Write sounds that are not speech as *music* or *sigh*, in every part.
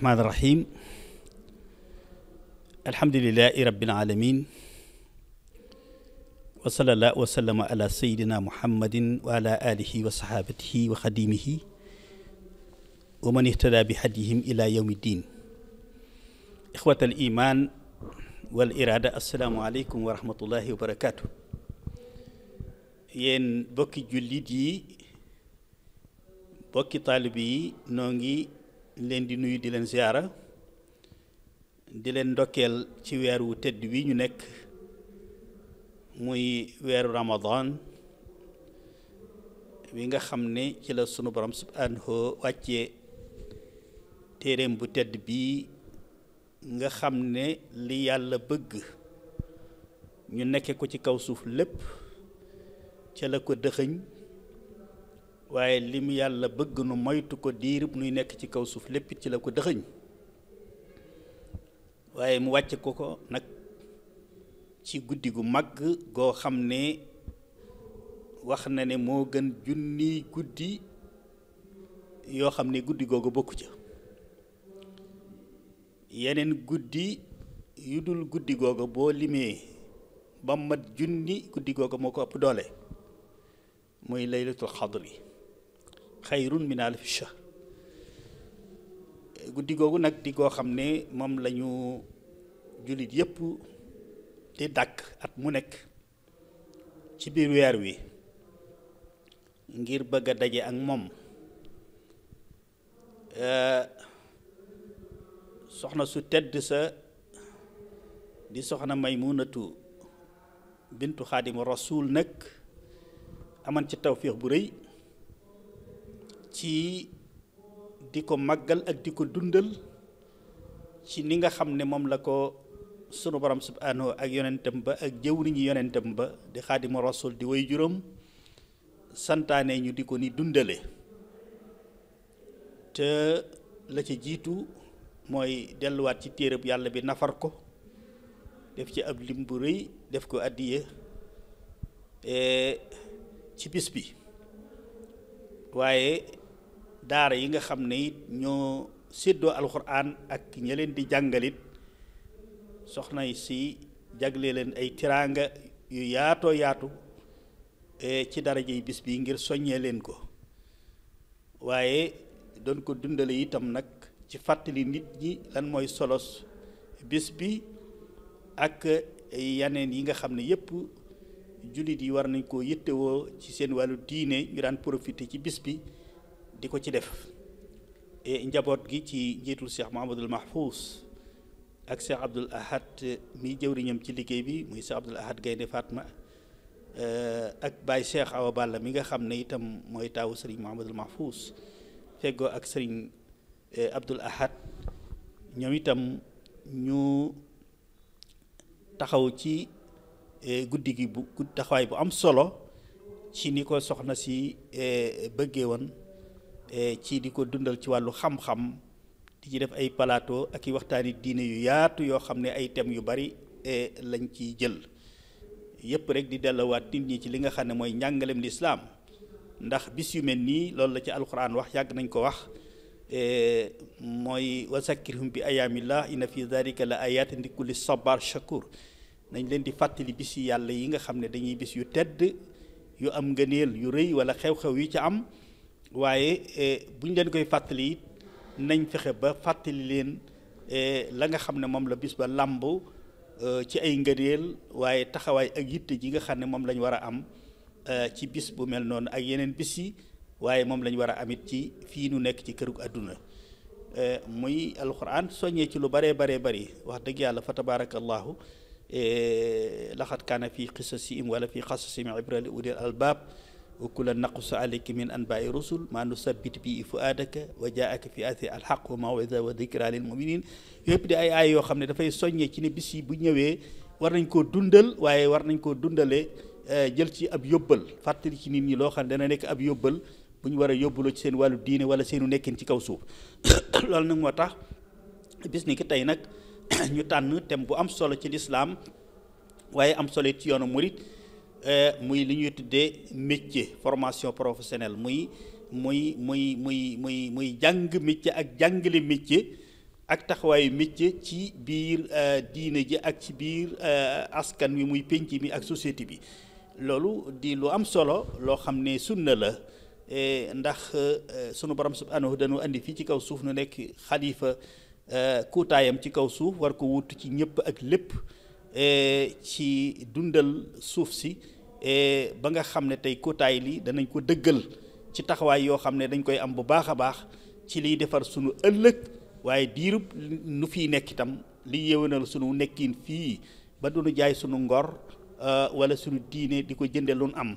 الرحمن الرحيم الحمد لله رب العالمين وصلى الله وسلم على سيدنا محمد وعلى آله وصحابته وخديمه ومن اهتدى بهديهم إلى يوم الدين إخوة الإيمان والإرادة السلام عليكم ورحمة الله وبركاته yéen bokki jullit yi bokki taalib yi noo ngi leen di nuyu di leen ziyaara di leen ndokkeel ci weer wu tëdd wi ñu nekk muy weeru ramadan wi nga xam ne ci la sunu borom subhanahu wàccee téeréem bu tëdd bi nga xam ne li yàlla bëgg ñu nekke ko ci kaw suuf lépp ca la ko dëxëñ waaye lim yàlla bëgg nu moytu ko diirib nuy nekk ci kaw suuf lépp ci la ko dëxëñ waaye mu wàcce ko ko nag ci guddi gu mag goo xam ne wax na ne moo gën junniy guddi yoo xam ne guddi googu ca yeneen guddi yu dul guddi googu boo limee ba mat junni guddi googu moo ko ëpp doole muy laylatul xadri xayrun min alfi shahr guddi googu nag di koo xam ne moom lañu ñu jullit yépp di dàkk at mu nekk ci biir weer wi ngir bëgg a daje ak moom eh, soxna su tedd sa di soxna Maymunatu bintu Xaadimu Rasuul nag aman ci tawfiix bu rëy ci di ko màggal ak di ko dundal ci ni nga xam ne moom la ko sunu borom ano ak yonentam ba ak jëwriñu yonentam ba di xaadima rasul di way juróom santaane ñu di ko ni dundale te la ci jiitu mooy delluwaat ci téereb yàlla bi nafar ko def ci ab lim bu rëy def ko àddiya eh, ci bis bi waaye daara yi nga xam ne it ñoo séddoo alxuraan ak ña leen di jàngalit soxna yi si jagle leen ay tiraanga yu yaatoo yaatu e, ci darajey bis bi ngir soññee leen ko waaye doon ko dundale itam nag ci fàttali nit ñi lan mooy solos bis bi ak yeneen yi nga xam ne yépp jullit yi war nañ koo yittewoo ci seen wàllu diine ñu daan profité ci bis bi di ko ci def e njaboot gi ci njiitul Cheikh Mahamadul Mahfous ak Cheikh Abdoul Ahad mi jëwriñam ci liggéey bi muy Cheikh Abdoul Ahad Gaynde Fatma e, ak Baye Cheikh Awa Balla mi nga xam ne itam mooy taawu Serigne Mahamadul Mahfous feggoo ak sëriñ e, Abdoul Ahad ñoom itam ñu taxaw ci guddi gi bu taxawaay bu am solo ci ni ko soxna si bëggee woon Eh, ci di ko dundal ci wàllu xam-xam di ci def ay plateau ak i waxtaani diine yu yaatu yoo xam ne ay thèmes yu bari eh, lañ ci jël yépp rek di dellowaat nit ñi ci li nga xam ne mooy njàngaleem lislaam ndax bis yu mel nii loolu la ci alxuraan wax yàgg nañ ko wax eh, mooy wasakkirhum bi ayaamillah inna fi dalika la ayatin li kulli sabar shakur nañ leen di fàttali bis yi yàlla yi nga xam ne dañuy bis yu tedd yu am ngëneel yu rëy wala xew-xew yi ci am waaye e, bu ñu leen koy fàttali it nañ fexe ba fàttali leen e, la nga xam ne moom la bis ba làmb e, ci ay ngëneel waaye taxawaay ak yitte ji nga xam ne moom lañ war a am ci bis bu mel noonu ak yeneen bis yi waaye moom la war a amit ci fii nu nekk ci kër gu àdduna muy alquran soññee ci lu baree baree bari wax dëgg yàlla fa tabarakallahu laxat kaana fii qisasihim wala fii qasasihim ibra li ulil albab wa kula naqusu alayka min anbaai rusul maa nusabbit bi fuaadaka wa jaaka fi aati alxaq wa mawida wa dikra lil muminin ay yoo xam ne dafay soññee ci ne bu ñëwee war nañ koo dundal waaye war nañ koo dundalee eh, jël ci ab yóbbal fàttali ci nit ñi loo xam ne dana nekk ab yóbbal bu ñu war a yóbbuloo ci seen wàllu diine wala seenu nekkin ci kaw suuf *coughs* loolu nag moo tax bis ni ki tey nag *coughs* ñu tànn thème bu am solo ci lislaam waaye am solo ci yoonu murit Euh, muy li ñuy tuddee métier formation professionnelle muy muy muy muy muy muy jàng métier ak jàngale métier ak taxawaayu métier ci biir euh, diine ji ak ci biir euh, askan wi muy penc mi ak société bi loolu di lu am solo loo xam ne sunna la ndax sunu borom subhanahu dañu indi fii ci kaw suuf nu nekk xalifa kuutaayam ci kaw suuf war ko wut ci ñëpp ak lépp E, ci dundal suuf si e, ba nga xam ne tey kootaay lii danañ ko dëggal ci taxawaay yoo xam ne dañ koy am bu baax a baax ci liy defar sunu ëllëg waaye diirub nu fiy nekk itam li yéwénal sunu nekkin fii ba duñu jaay sunu ngor e, wala sunu diine di ko jënde lu nu am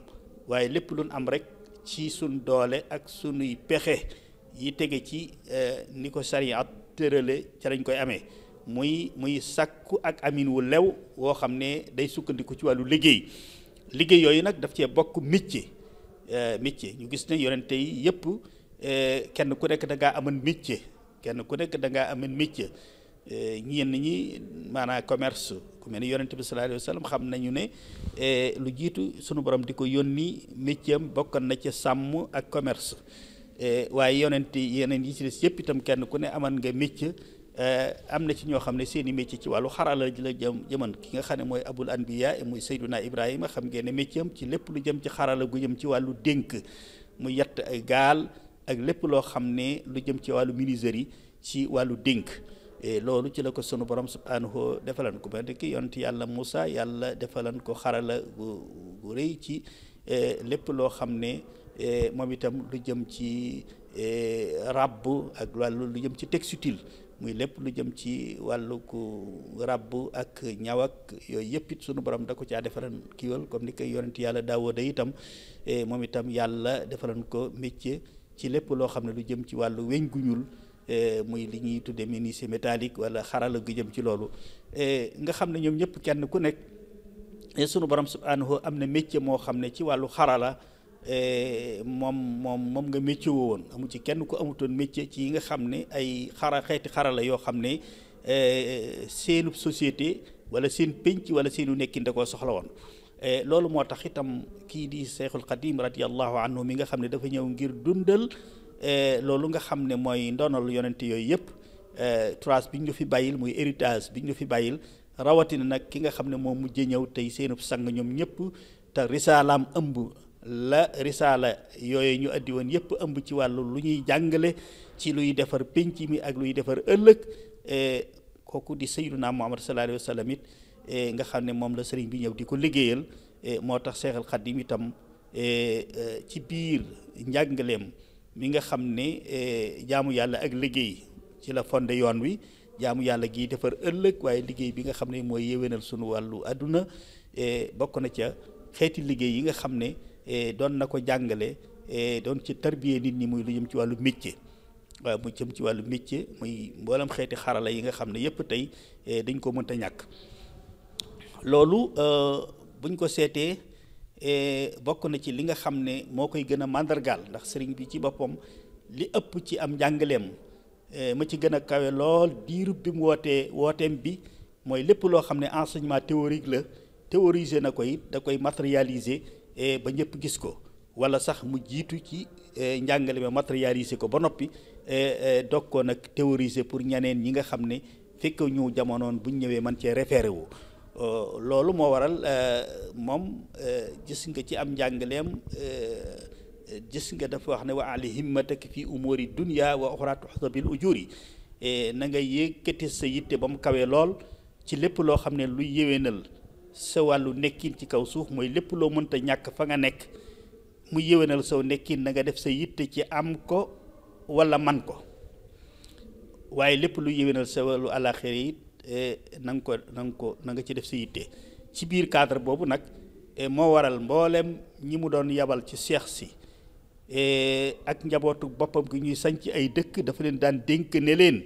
waaye lépp lu am rek ci sunu doole ak sunuy pexe yi tege ci ni ko sariat tërale ca lañ koy amee muy muy sàkku ak amin wu lew woo xam ne day sukkandiku ci wàllu liggéey liggéey yooyu nag daf cee bokk métier euh, métier ñu gis ne yonente yi yëpp euh, kenn ku nekk da ngaa amoon métier kenn ku nekk da ngaa amoon métier euh, ñenn ñi maanaam commerce ku mel ni yonente bi sallallahu xam nañu ne lu jiitu sunu borom di ko yónni métier am bokkoon na ci sàmm ak commerce waaye yonente yeneen yi ci des yëpp itam kenn ku ne amoon nga métier. Eh, am na ci ñoo xam ne seeni i ci wàllu xarala ji la jëm jëman ki nga xam ne mooy abul anbiya muy sayduna ibrahima xam ngeen ne métier ci lépp lu jëm ci xarala gu jëm ci wàllu dénk mu yatt ay gaal ak lépp loo xam ne lu jëm ci wàllu menuiserie ci wàllu dénk eh, loolu ci la ko sunu borom subhanahu defalan ko ba ki yonent yàlla Moussa yàlla defalan ko xarala gu rëy ci eh, lépp loo xam ne moom itam lu jëm ci ràbb ak wàllu lu jëm ci textile muy lépp lu jëm ci wàllu ku ràbb ak ñaw ak yooyu yëpp it sunu borom da ko caa defaran kiiwal comme ni koy yonent yàlla daawooda tam eh, moom itam yàlla defaran ko métier ci lépp loo xam ne lu jëm ci wàllu weñ gu ñuul eh, muy li ñuy tuddee menuisier métallique wala xarala gu jëm ci loolu eh, nga xam ne ñoom ñëpp kenn ku nekk sunu borom subhanahu am na métier moo xam ne ci wàllu xarala Eh, moom moom moom nga métier woon amu ci kenn ku amutoon métier ci yi nga xam ne ay xara xeeti xarala yoo xam ne eh, seenub société wala seen pénc wala seenu nekkin da koo soxla woon eh, loolu moo tax itam kii di Seexul Xadiim radiyallahu anhu mi nga xam ne dafa ñëw ngir dundal loolu nga xam ne mooy ndonal yonente yooyu yëpp trace bi ñu fi bàyyil muy héritage bi ñu fi bàyyil rawatina nag ki nga xam ne moo mujj ñëw tey seenub sang ñoom ñëpp te risaalaam ëmb la risaala yooyu ñu àddiwoon woon yépp ëmb ci wàllu lu ñuy jàngale ci luy defar pénc mi ak luy defar ëllëg eh, kooku di sayyiduna Muhammad sallallahu alayhi wa sallam it eh, nga xam ne moom la sëriñ bi ñëw di ko liggéeyal eh, moo tax Seexal Xadim itam ci biir njàngaleem mi nga xam ne jaamu yàlla ak liggéey ci la fondé yoon wi jaamu yàlla gi defar ëllëg waaye liggéey bi nga xam ne mooy yéwénal sunu wàllu àdduna bokk na ca xeeti liggéey yi nga xam ne Eh, doon na ko jàngale eh, doon ci tarbiye nit ñi muy lu jëm ci wàllu métier waaw mu jëm ci wàllu métier muy mboolam xeeti xarala yi nga xam ne yëpp tey eh, dañ ko mënta ñàkk loolu euh, buñ ko seetee bokk na ci li nga xam ne moo koy gën a màndargaal ndax sëriñ bi ci boppam li ëpp ci am njàngaleem ma ci gën a kawe lool diirub bi wootee wooteem bi mooy lépp loo xam ne enseignement théorique la théorisé na ko it da koy matérialiser E, ba ñëpp gis ko wala sax mu jiitu ci e, njàngale ma matérialiser ko ba noppi e, dog ko nag théoriser pour ñeneen ñi nga xam ne fekk ñu jamonoon bu ñu ñëwee man cee référé wu euh, loolu moo waral moom gis nga ci am njàngaleem gis nga dafa wax ne wa ali himmataka fi umuri dunya wa uxra tuxsabil ujuri na nga yëkkati sa yitte ba mu kawee lool ci lépp loo xam ne lu luy yéwénal sa wàllu ci kaw suuf mooy lépp loo mënta ñàkk fa nga nekk mu yéwénal sew nekkin nanga def sa yitte ci am ko walla man ko waaye lépp lu yéwénal sewalu wàllu àllaaxira it eh, na ko na ko na nga ci def sa yitte ci biir cadre boobu nag eh, moo waral mboolem ñi mu doon yabal ci seex si eh, ak njabootu boppam gi ñuy sañc ay dëkk dafa leen daan dénk ne leen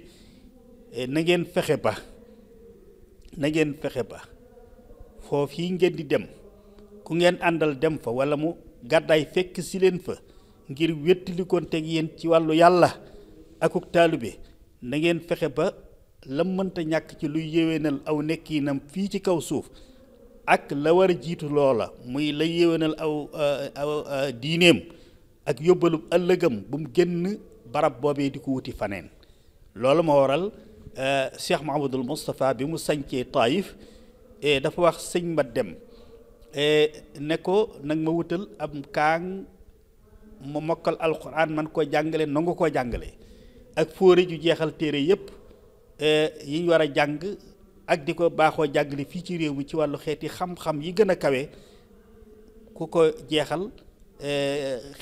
nangeen ngeen fexe ba na ngeen fexe ba foofii ngeen di dem ku ngeen àndal dem fa walla mu gàddaay fekk si leen fa ngir wéttalikoonteeg yéen ci wàllu yàlla akuk taalibe na ngeen fexe ba la mënta ñàkk ci luy yéwénal aw nekkinam fii ci kaw suuf ak la war a jiitu loola muy la yéwenal aw eh, aw eh, diineem ak yóbbalu ëllëgam bu mu génn barab boobee di ko wuti faneen loolu moo waral eh, Cheikh Mahamadul Moustapha bi mu sañcee Taayif Eh, dafa wax sëñ ma dem eh, ne ko nag ma wutal ab kaang ma mokkal alxuraan man koo jàngale nangu koo jàngale ak fóore ju jeexal téere yépp eh, yi ñu war a jàng ak di ko baaxoo jàngale fii ci réew mi ci wàllu xeeti xam-xam yi gën a kawe ku ko jeexal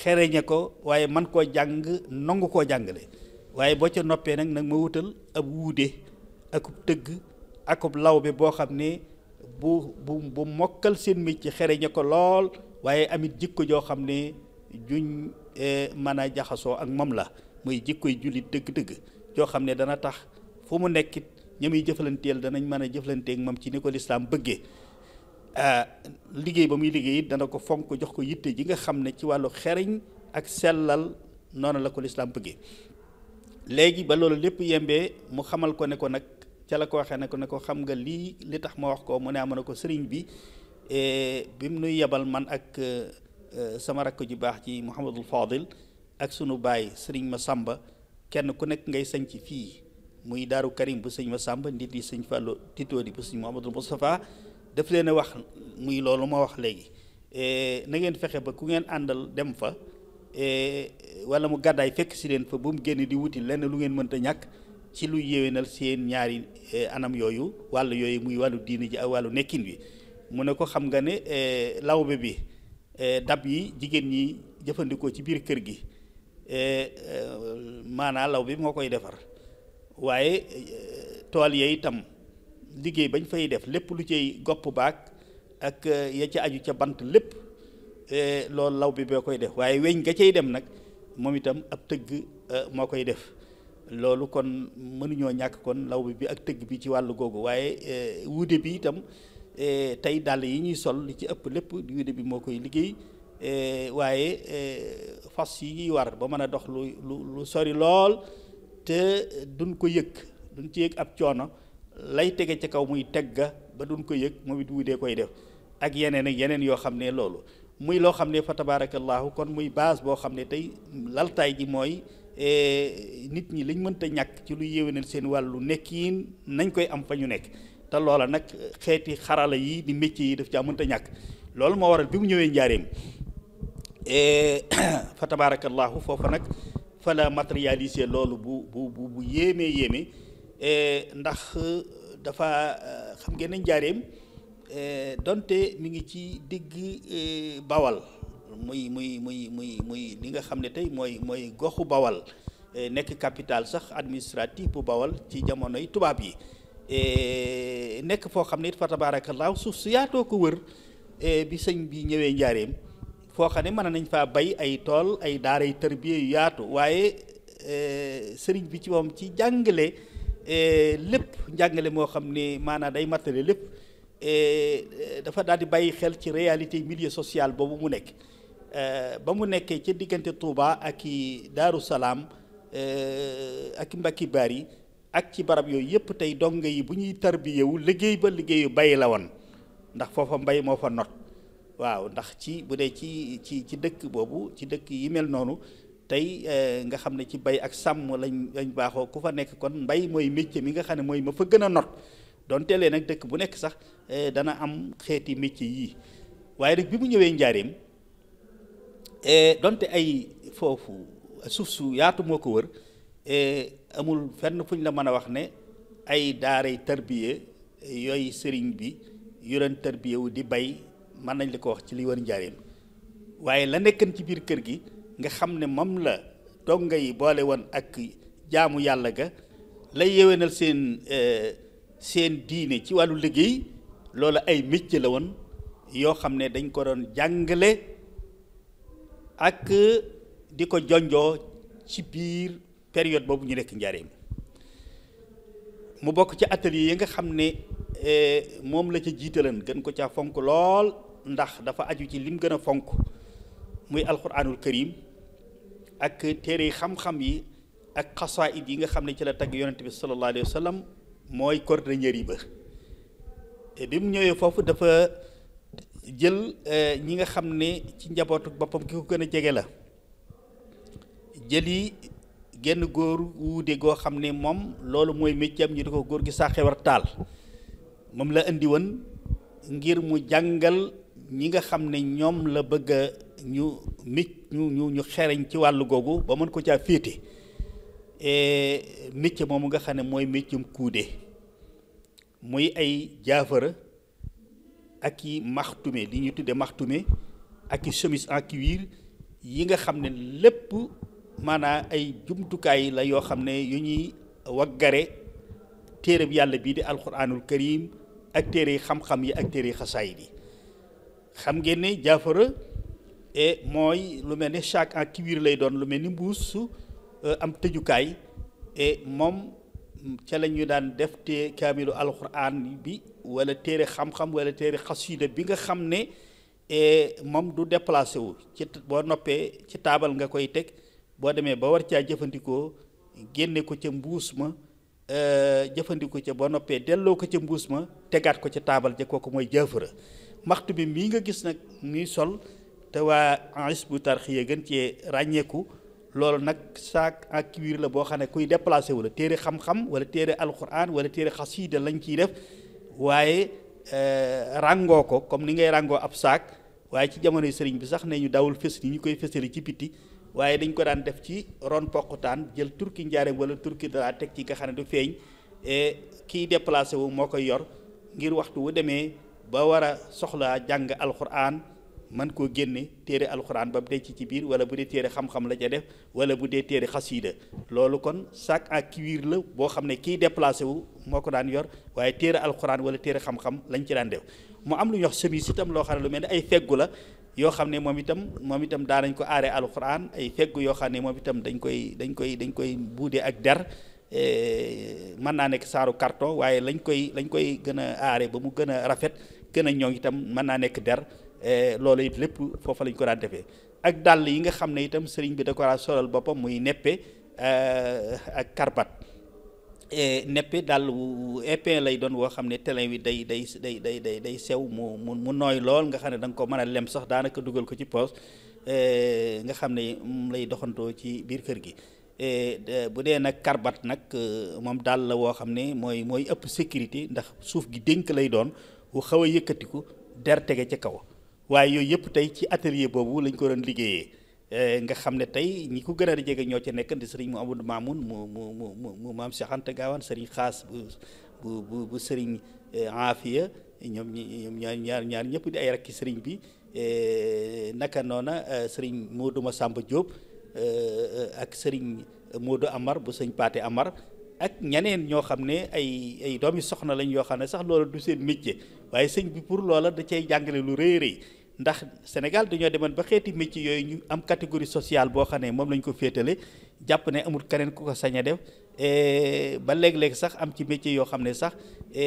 xereñe ko waaye man koo jàng nangu koo jàngale waaye boo ca noppee nag nag ma wutal ab wuude akub tëgg akub lawbe boo xam ne bu bu bu mokkal seen métier xereña ko lool waaye amit jikko joo xam ne juñ eh, mën a jaxasoo ak moom la muy jikkoy jullit dëgg-dëgg joo xam ne dana tax fu mu nekkit ña muy jëflanteel danañ mën a jëflanteek moom ci ni ko lislaam bëggee eh, liggéey ba muy liggéey dana ko fonk jox ko yitte ji nga xam ne ci wàllu xereñ ak sellal noonu la ko lislaam léegi ba loolu lépp yembee mu xamal ko ne ko nag ca la ko waxee na ko ne ko xam nga lii li tax ma wax ko mu ne am ne ko sëriñ bi e, bi mu nuy yebal man ak e, sama rakk ju baax ci Mouhamadul Fadil ak sunu baay sëriñ ma sàmba kenn ku nekk ngay sëñ ci fii muy daaru karim bu sëñ ma sàmba ndit yi sëñ Fallou titoo di bu sëñ Mouhamadul Moustapha def leen a wax muy loolu ma wax léegi e, na ngeen fexe ba ku ngeen àndal dem fa wala mu gàddaay fekk si leen fa bu mu génn di wuti lenn lu ngeen mënta ñàkk ci luy yéwénal seen ñaari eh, anam yooyu wàll yooyu muy wàllu diini ji ak wàllu nekkin wi mu ne ko xam nga ne eh, lawbe bi eh, dab yi jigéen ñi jëfandikoo ci biir kër gi maanaa lawbe bi moo koy defar waaye tool yee itam liggéey bañ fay def lépp lu cay gopp baag ak ya ca aju ca bant lépp loolu law bi boo koy def waaye weñ nga cay dem nag moom itam ab tëgg moo koy def loolu kon mënuñoo ñàkk kon lawbe bi ak tëgg bi ci wàllu googu waaye eh, wuude bi itam eh, tey dàll yi ñuy sol li ci ëpp lépp wuude bi moo koy liggéey eh, waaye fas yi ñuy war ba mën a dox lu lu lu sori lool te duñ ko yëg duñ ci yëg ab coono lay tege ca kaw muy teg ga ba duñ ko yëg moom it wuudee koy def ak yeneen ak yeneen yoo xam ne loolu muy loo xam ne fa tabaarakallaahu kon muy base boo xam ne tey laltaay ji mooy E nit ñi liñ mënta ñàkk ci lu yéwénal seen wàllu nekkiin nañ koy am fa ñu nekk te loola nag xeeti xarala yi di métier yi daf caa mënta ñàkk loolu moo waral bi mu ñëwee njaareem e *coughs* fa tabaarakallaahu foofa nag fa la matérialiser loolu bu bu bu bu yéemee yéeme e ndax dafa xam ngeen ne njaareem donte mu ngi ci digg bawal muy muy muy muy muy li nga xam ne tey mooy mooy goxu bawal eh, nekk capital sax administratif bu bawal ci jamonoy tubaab yi eh, nekk foo xam ne it fa tabaarakallaahu suuf su yaatoo ko wër eh, bi sëñ bi ñëwee njaareem foo xam ne mën nañ faa bay ay tool ay daaray tërbiye yaatu waaye sëriñ bi ci moom ci jàngale lépp njàngale moo xam ne maanaam day mattale lépp dafa daal di bàyyi xel ci réalité milieu social boobu mu nekk Euh, ba mu nekkee ca diggante Touba ak i Daaru Salaam euh, ak baar yi ak ci barab yooyu yëpp tey donga yi bu ñuy tarbiyewu liggéey ba liggéeyu bay la woon ndax foofa mbay moo fa not waaw ndax ci bu dee ci ci ci dëkk boobu ci dëkk yi mel noonu tey euh, nga xam ne ci bay ak sàmm lañ lañ baaxoo ku fa nekk kon mbay mooy métier mi nga xam ne mooy ma fa gën a not donte lee nag dëkk bu nekk sax dana am xeeti métier yii waaye nag bi mu ñëwee njaareem E, donte ay foofu suuf su yaatu moo ko wër e, amul fenn fuñ la mën a wax ne ay daaray tarbiye yooyu sëriñ bi yu leen tarbiye wu di bay mën nañ la ko wax ci li wër njaareem waaye la nekkan ci biir kër gi nga xam ne moom la donga ngay boole woon ak jaamu yàlla ga lay yewenal seen e, seen diine ci wàllu liggéey loolu ay métier la woon yoo xam ne dañ ko doon jàngale ak di ko jonjoo ci biir période boobu ñu nekk njaareem mu bokk ci atelier yi nga xam ne eh, moom la ca jiitalan gën ko caa fonk lool ndax dafa aju ci lim gën a fonk muy alquranul karim ak téere xam-xam yi ak xasaayid yi nga xam ne ci la tagg yonent bi sallallahu alayhi wa sallam mooy cordonnier yi ba eh, bi mu ñëwee foofu dafa jël eh, ñi nga xam ne ci njabootu boppam ki ko gën a jege la jël jëli genn góor wuude goo xam ne moom loolu mooy métier am ñu di ko góor gi saa xewar taal moom la indi woon ngir mu jàngal ñi nga xam ne ñoom la bëgg a ñu mic ñu xereñ ci wàll googu ba mën ko caa féete eh, métier moomu nga xam ne mooy métier kuude muy ay jaafara ak i maxtume li ñuy tuddee maxtume ak i chemise en cuir yi nga xam ne lépp maanaa ay jumtukaay la yoo xam ne yu ñuy waggare téere bi yàlla bii di alquranul karim ak téere yi xam-xam yi ak téere yi xasaayid yi xam ngeen ne jaafara e mooy lu mel ne chaque en cuir lay doon lu mel ni mbuus e am tëjukaay e moom ca la ñu daan def te kaamilu alxuraan bi wala téere xam-xam wala téere xasida bi nga xam ne e, moom du déplacé wu ci boo noppee ci taabal nga koy teg boo demee ba war caa jëfandikoo génne ko ca mbuus ma e, jëfandikoo ca boo noppee delloo ko ca mbuus ma tegaat ko ca taabal ja kooku mooy jëfara maxtu bi mii nga gis nag muy sol te waa Hizbut Tarqiyyah gën cee ràññeeku loolu nag saak ak kiwiir la boo xam ne kuy déplacé la téere xam-xam wala téere alquran wala téere xasiida lañu ciy def waaye euh, ràngoo ko comme ni ngay ràngoo ab saak waaye ci jamonoy sëriñ bi sax ne ñu dawul fës ni ñu koy fësali ci biti waaye dañ ko daan def ci ron poqutaan jël turki njaareem wala turki dara teg ci nga xam ne du feeñ kiy déplacé wu moo koy yor ngir waxtu wu demee ba war a soxlaa jàng alquran man koo génne téere alxuraan ba mu denc ci biir wala bu dee téere xam-xam la ca def wala bu dee téere xasiida loolu kon sac à cuir la boo xam ne kii déplacé wu moo ko daan yor waaye téere alxuraan wala téere xam-xam lañ ci daan def mu am lu ñuy wax chemise itam loo xam ne lu mel ne ay feggu la yoo xam ne moom itam moom itam daa nañ ko aaree alxuraan ay feggu yoo xam ne moom itam dañ koy dañ koy dañ koy buudee ak der eh, mën naa nekk saaru carton waaye lañ koy lañ koy gën a aaree ba mu gën a rafet gën a ñoŋ itam mën naa nekk der Eh, loolu it lépp foofu lañ ko daan defee ak dàll yi nga xam ne itam sëriñ bi da ko daan solal boppam muy neppe eh, ak karbat eh, neppe dàll wu épin lay doon woo xam ne telin wi day day day day day day sew mu mu mu nooy lool nga xam ne da ko mën a lem sax daanaka dugal ko ci poos nga xam ne lay doxantoo ci biir kër gi bu dee nag karbat nag moom dàll la woo xam ne mooy mooy ëpp sécurité ndax suuf gi dénk lay doon wu xaw a yëkkatiku der tege ca kaw waaye yooyu yëpp tey ci atelier boobu lañ ko doon liggéeyee eh, nga xam ne tey ñi ko gën a jege ñoo ca nekk di sëriñ Mouhamadou Mamoun mu mu mu mu maam Cheikh Anta Gaawaan sëriñ Xaas bu bu bu bu sëriñ eh, Afia ñoom ñoom ñaar ñaar ñaar ñëpp di ay rakki sëriñ bi eh, naka noona sëriñ Modou Massamba Diop ak sëriñ Modou Amar bu sëñ Paate Amar. ak ñeneen ñoo xam ne ay ay doomi soxna lañ yoo xam ne sax loola du seen métier waaye sëñ bi pour loola da cay jàngale lu rëy rëy ndax Sénégal dañoo demoon ba xeeti métier yooyu ñu am catégorie sociale boo xam ne moom lañ ko féetale jàpp ne amul keneen ku ko sañ a def e, ba léeg sax am ci métier yoo xam ne sax e,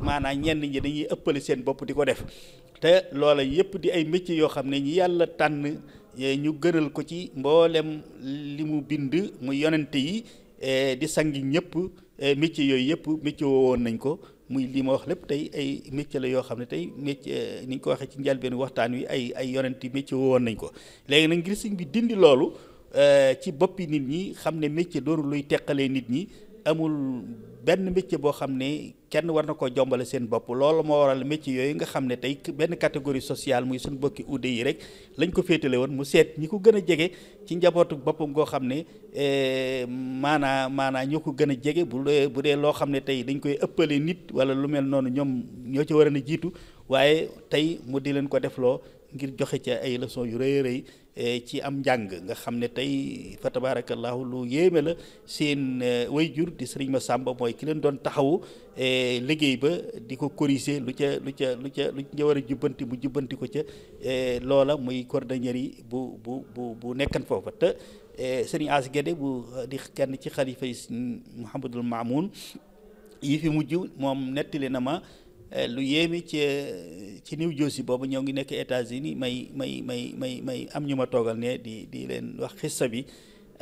maanaam ñenn ñi dañuy ëppale seen bopp di ko def te loola yëpp di ay métier yoo xam ne ñi yàlla tànn e, ñu gënal ko ci mboolem li mu bind mu yonente yi Eh, di sangi ñëpp eh, métier yooyu yëpp métier woon nañ ko muy lii ma wax lépp tey ay métier la yoo xam ne tey métier eh, ni ñu ko waxee ci njëlbéenu waxtaan wi ay ay yonenti métier woon nañ ko léegi nag ngir sëñ bi dindi loolu ci boppi nit ñi xam ne métier dooru luy teqalee nit ñi amul benn métier boo xam ne kenn war na koo jombale seen bopp loolu moo waral métier yooyu nga xam ne tey benn catégorie sociale muy suñu bokki udde yi rek lañ ko féetale woon mu seet ñi ko gën a jege ci njabootu boppam goo xam ne eh, maanaa maanaa ñoo ko gën a jege bu bu dee loo xam ne tey dañ koy ëppale nit wala lu mel noonu ñoom ñoo ci war a jiitu waaye tey mu di leen ko defloo ngir joxe ca ay leçons yu rëy a rëy Eh, ci am njàng nga xam ne tey fa tabarakallahu lu yéeme la seen eh, way jur di sëriñ ma sàmba mooy ki leen doon taxawu eh, liggéey ba di ko corriger lu ca lu ca lu ca lu ca war a jubbanti mu jubbanti ko ca loola muy cordonnier yi bu bu bu bu nekkan foofa te sëriñ As Guédé bu di kenn ci xalifa yi Mouhamadul Mamoun yi fi mujj moom nettali na ma Eh, lu yéeme ci ci New Jersey boobu ñoo ngi nekk états uni may may may may may am ñu ma toogal ne di di leen wax xissa bi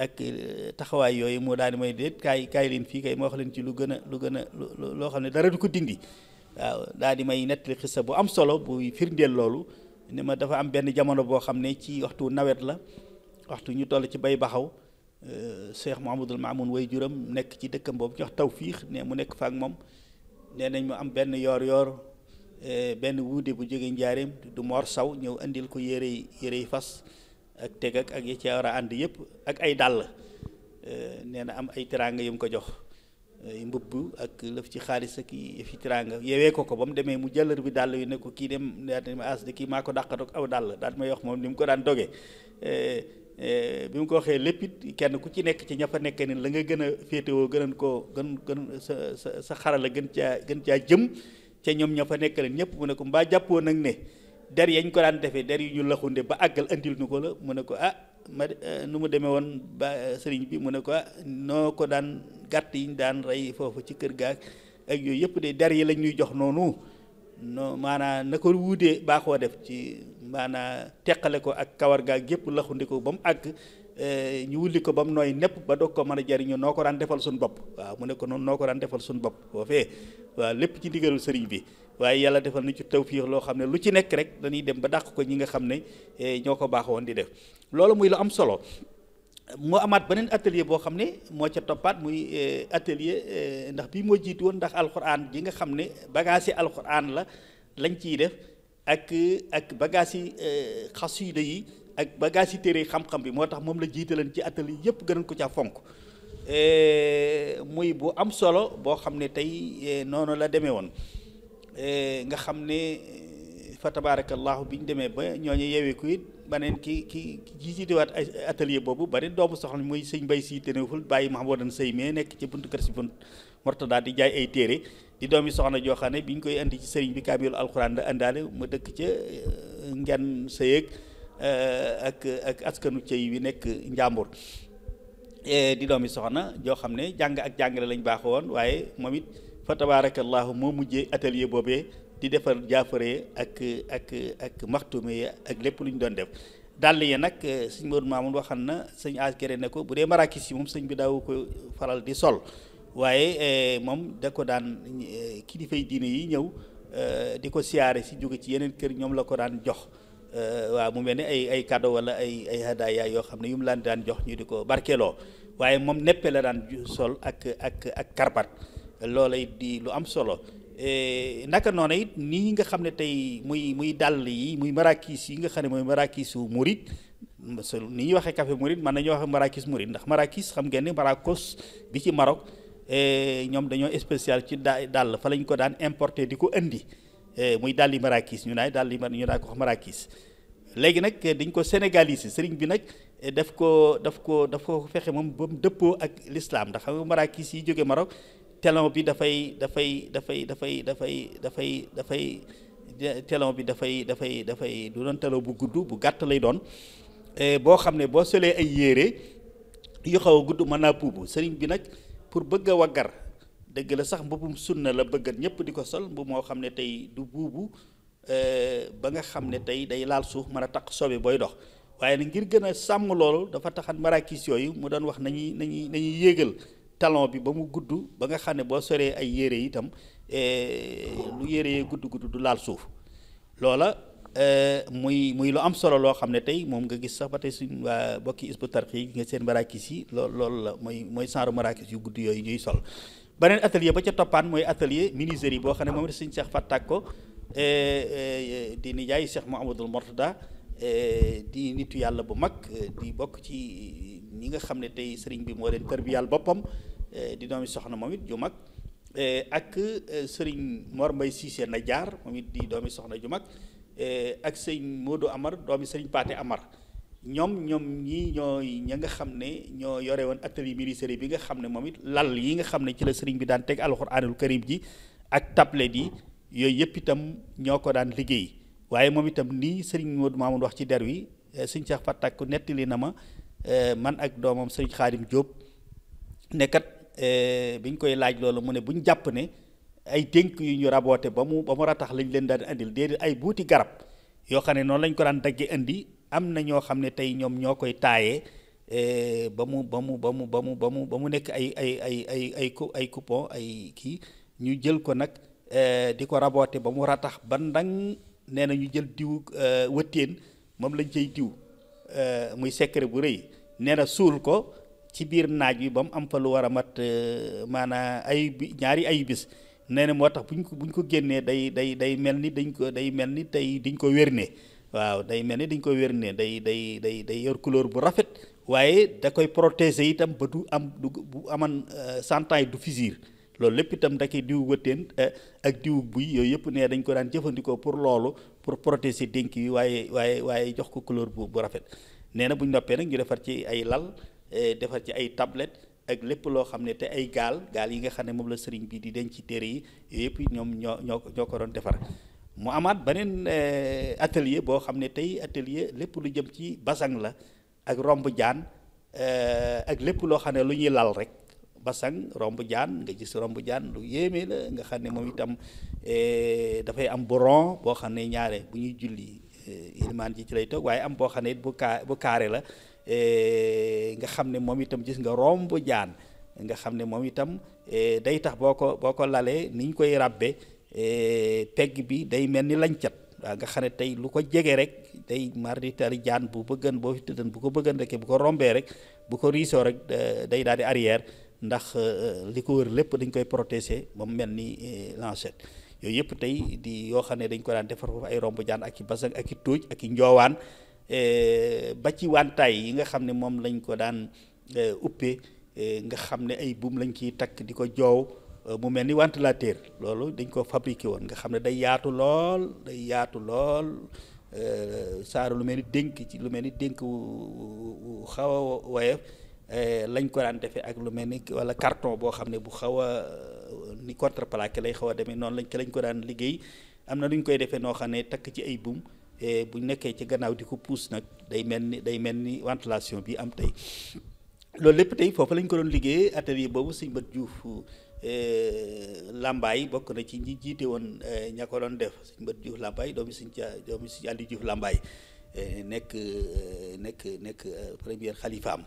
ak eh, taxawaay yooyu moo daal di may déet kaay kaay leen fii kay ma wax leen ci lu gën a lu gën a loo xam ne dara du ko dindi waaw daal di may nettali xissa bu am solo buy firndeel loolu ni ma dafa am benn jamono boo xam ne ci waxtu nawet la waxtu ñu toll ci bay baxaw eh, Cheikh Mouhamadoul Mamoun way juram nekk ci dëkkam boobu jox tawfiix ne mu nekk fa ak moom nee nañ mu am benn yoor-yoor eh, benn wuude bu jóge njaareem du Mor Saw ñëw indil ko yére yi yére yi fas ak teg ak ak yi ci war ànd yëpp ak ay dàll eh, nee na am ay teraanga yu mu ko jox eh, mbubb ak lëf ci xaalis ak yëfi teraanga yewee ko ko ba mu demee mu jëlër bi dàll yu ne ko kii dem daal ma as de kii maa ko dàqatoog aw dàll daal may wax moom ni mu ko daan doge. Eh, bi mu ko waxee lépp it kenn ku ci nekk ci ña fa nekkee ni la nga gën a féetewoo gënoon ko gën gën sa sa sa xarala gën caa gën caa jëm ca ñoom ña fa nekk leen ñëpp mu ne ko mbaa jàppoo nag ne der yañ ko daan defee der yu ñu laxunde ba àggal andil ko la mu ne ko ah ma eh, nu mu demee woon ba eh, sëriñ bi mu ne ko ah noo ko daan gàtt yi ñu daan rey foofu ci kër gaak ak yooyu yëpp de der yi lañ ñuy jox noonu non maanaam na ko wuutee baaxoo def ci. maanaa teqale ko ak kawar gaa gépp laxundi ko ba mu àgg eh, ñu wulli ko ba mu nooy nepp ba dog ko mën a jariñoo noo ko daan defal suñu bopp waaw mu ne ko noonu noo ko daan defal suñu bopp foofee waaw lépp ci ndigalul sëriñ bi waaye yàlla defal na ci tawfiix loo xam ne lu ci nekk rek dañuy dem ba dàq ko ñi nga xam ne eh, ñoo ko baax woon di def loolu muy lu am solo moo amaat beneen atelier boo xam ne moo ca toppaat muy eh, atelier ndax bii moo jiitu woon ndax alxuraan ji nga xam ne bagage yi alxuraan la lañ ciy def ak ak bagages yi euh, xasida yi ak bagages yi téere xam-xam bi moo tax moom la jiitaleen ci atelier yëpp gënoon ko ca fonk euh, muy bu am solo boo xam ne tey euh, noonu la demee woon nga xam ne fa tabaarakallaahu bi ñu demee ba ñooñu yeewee ko it baneen ki ki ki jiitewaat atelier boobu baneen doomu soxna muy sëñ Mbay si tenewful bàyyi Mahamadan sëy mee nekk ci buntu kër si bunt Mortada di jaay ay téere di doom yi soxna joo xam ne bi ñu koy indi ci sëriñ bi kaamilu alxuraan la indaale mu dëkk ca eh, ngen sëyeeg eh, ak ak askanu cëy wi nekk njàmbur eh, di doom yi soxna joo xam ne jàng ak jàngale lañ baax woon waaye moom it fa tabaarakallaahu moo mujjee atelier boobee di defar jaafare ak ak ak maxtume ak lépp lu ñu doon def dàll yi nag sëñ Maodo Mamoun waxan na sëñ Askere ne ko bu dee marakis yi moom sëñ bi daaw ko faral di sol waaye eh, moom da ko daan eh, kilifay diine yi ñëw eh, di ko siyaare si jóge ci yeneen kër ñoom la ko daan jox waaw mu mel ni ay ay cadeau wala ay ay hadaya yoo xam ne yu mu laan daan jox ñu di ko barkeloo waaye moom neppe la daan sol ak ak ak karbat loola it di lu am solo naka noonu yit nii nga xam ne tey muy muy dàll yi muy marakis yi nga xam ne mooy marakisu murit ni ñuy waxee café murit mën nañu wax marakis murit ndax marakis xam ngeen ne marakos bi ci Maroc Eh, ñoom dañoo spécial ci daa dàll fa lañu ko daan importer di ko indi eh, muy dal dàlli marakis ñu naay dàlli ñu naa ko wax marakis léegi nag eh, dañ ko sénégaliser sëriñ bi nag daf ko daf ko daf ko fexe moom ba mu dëppoo ak l'islam ndax marakiis yi jóge Maroc telon bi dafay dafay dafay dafay dafay dafay dafay telon bi dafay dafay dafay du doon telon bu gudd bu gàtt lay doon boo xam ne boo solee ay yére yu a gudd mën naa puubu sëriñ bi nag pour bëgg a waggar dëgg la sax mbubbum sunna la bëggat ñëpp di ko sol mbu moo xam ne tey du buubu euh, ba nga xam ne tey day laal suuf mën a taq sobe booy dox waaye nag ngir gën a sàmm loolu dafa taxan marakis yooyu mu doon wax nañuy nañuy nañuy yéegal talon bi ba mu gudd ba nga xam ne boo soree ay yére itam euh, lu yére yee gudd gudd du laal suuf loola Euh, muy muy lu am solo loo xam ne tey moom nga gis sax ba tey suñ waa bokki isbu tarxi nga seen marakis yi lool loolu la mooy mooy genre marakis yu guddi yooyu ñuy sol beneen atelier ba ca toppaan mooy atelier menuiserie boo xam ne moom it suñ Cheikh Fatak ko euh, euh, di nijaay Cheikh Mouhamadul Mortada di nitu yàlla bu mag di bokk ci ñi nga xam ne tey sëriñ bi moo leen tërbiyal boppam di doomi soxna moom it ju mag ak sëriñ Mor Mbay Siise na jaar moom it di doomi soxna ju mag Eh, ak sëñ Modou Amar doomi sëñ Paate Amar ñoom ñoom ñii ñoo ña nga xam ne ñoo yore woon atelier ministère bi nga xam ne moom it lal yi nga xam ne ci la sëriñ bi daan teg alxuraanul karim ji ak tablette yi yooyu yëpp itam ñoo ko daan liggéey waaye moom itam nii sëriñ Modou Mamoun wax ci der wi eh, sëñ Cheikh Fatak ku nettali na ma eh, man ak doomam sëriñ Xaadim Diop nekkat bi ñu koy laaj loolu mu ne bu jàpp ne. ay dénk yu ñu raboote ba mu ba mu ratax lañu leen daan indil déedéet ay buuti garab yoo xam ne noonu lañ ko daan dagge indi am na ñoo xam ne tey ñoom ñoo koy taaye eh, ba mu ba mu ba mu ba mu ba mu nekk ay ay ay ay ay ay coupon ay kii ñu jël ko nag eh, di ko raboote ba mu ratax ba ndang nee na jël diw eh, wëttéen moom lañ cay diw muy secret bu rëy nee na suul ko ci biir naaj bi ba mu am fa lu war a mat maanaa ay ñaari ay bis nee na moo tax buñ ko buñ ko génnee day day day mel ni dañ ko day mel ni tey diñ ko wérne waaw day mel ni dañ ko wérne day day day day yor couleur bu rafet waaye da koy protéger itam ba du am du bu aman santan euh, yi du fisir loolu lépp itam da koy diw wëttéen euh, ak diw buy yooyu yëpp nee dañ ko daan jëfandikoo pour loolu pour protéger dénk yi waaye waaye waaye jox ko couleur bu bu rafet nee na bu ñu noppee nag ñu defar ci ay lal euh, defar ci ay tablette ak lépp loo xam ne te ay gaal gaal yi nga xam ne moom la sëriñ bi di denc téere yi yëpp ñoom ñoo ñoo ñoo ko doon defar mu amaat beneen eh, atelier boo xam ne tey atelier lépp lu jëm ci basang la ak romb jaan eh, ak lépp loo xam ne lu ñuy lal rek basan romb jaan nga gis romb jaan lu yéeme la nga xam ne moom itam eh, dafay am boron boo xam ne ñaare bu ñuy julli ilmaan ji ci lay toog waaye am boo xam ne bu kaare la Eh, nga xam ne moom itam gis nga romb jaan nga xam ne moom itam eh, day tax boo ko boo ko lalee niñ ñu koy ràbbe eh, pegg bi day mel ni lañcat waaw nga xam ne tey lu ko jege rek day maritari jaan bu bëggan boo fi tëddan bu ko bëggan rek bu ko rombee rek bu ko riisoo rek day daal di arrière ndax li ko wër lépp dañ koy protéger ba mu mel ni lancette yooyu yëpp tey di yoo xam ne dañ ko daan defar foofu ay romb jaan ak i basang ak i tuuj ak i njoowaan ba ci wantaay yi nga xam ne moom lañ ko daan eh, uppee eh, nga xam ne ay buum lañ koy takk di ko joow eh, mu mel ni ventilateur loolu dañ koo fabriqué woon nga xam ne day yaatu lool day yaatu lool saaro lu mel ni dénk ci lu mel ni dénk xaw a woyof lañ ko daan defee ak lu mel ni wala carton boo xam ne bu xaw a ni contreplaqué lay xaw a demee noonu lañ ci lañ ko daan liggéey am na lu ñu koy defee noo xam ne takk ci ay buum Eh, bu nekkee ci gannaaw di ko puus nag day mel ni day mel ni ventilation bi am tey loolu lépp tey foofu lañ ko doon liggéey atelier boobu Sëñ Mat Juuf eh, làmbaay bokk na ci ñu jiite woon eh, ña ko doon def Sëñ Mat Juuf Lambaay doomi suñ ca doomi Sëñ Aliou Juuf Lambaay nekk nekk nekk premier xalifaam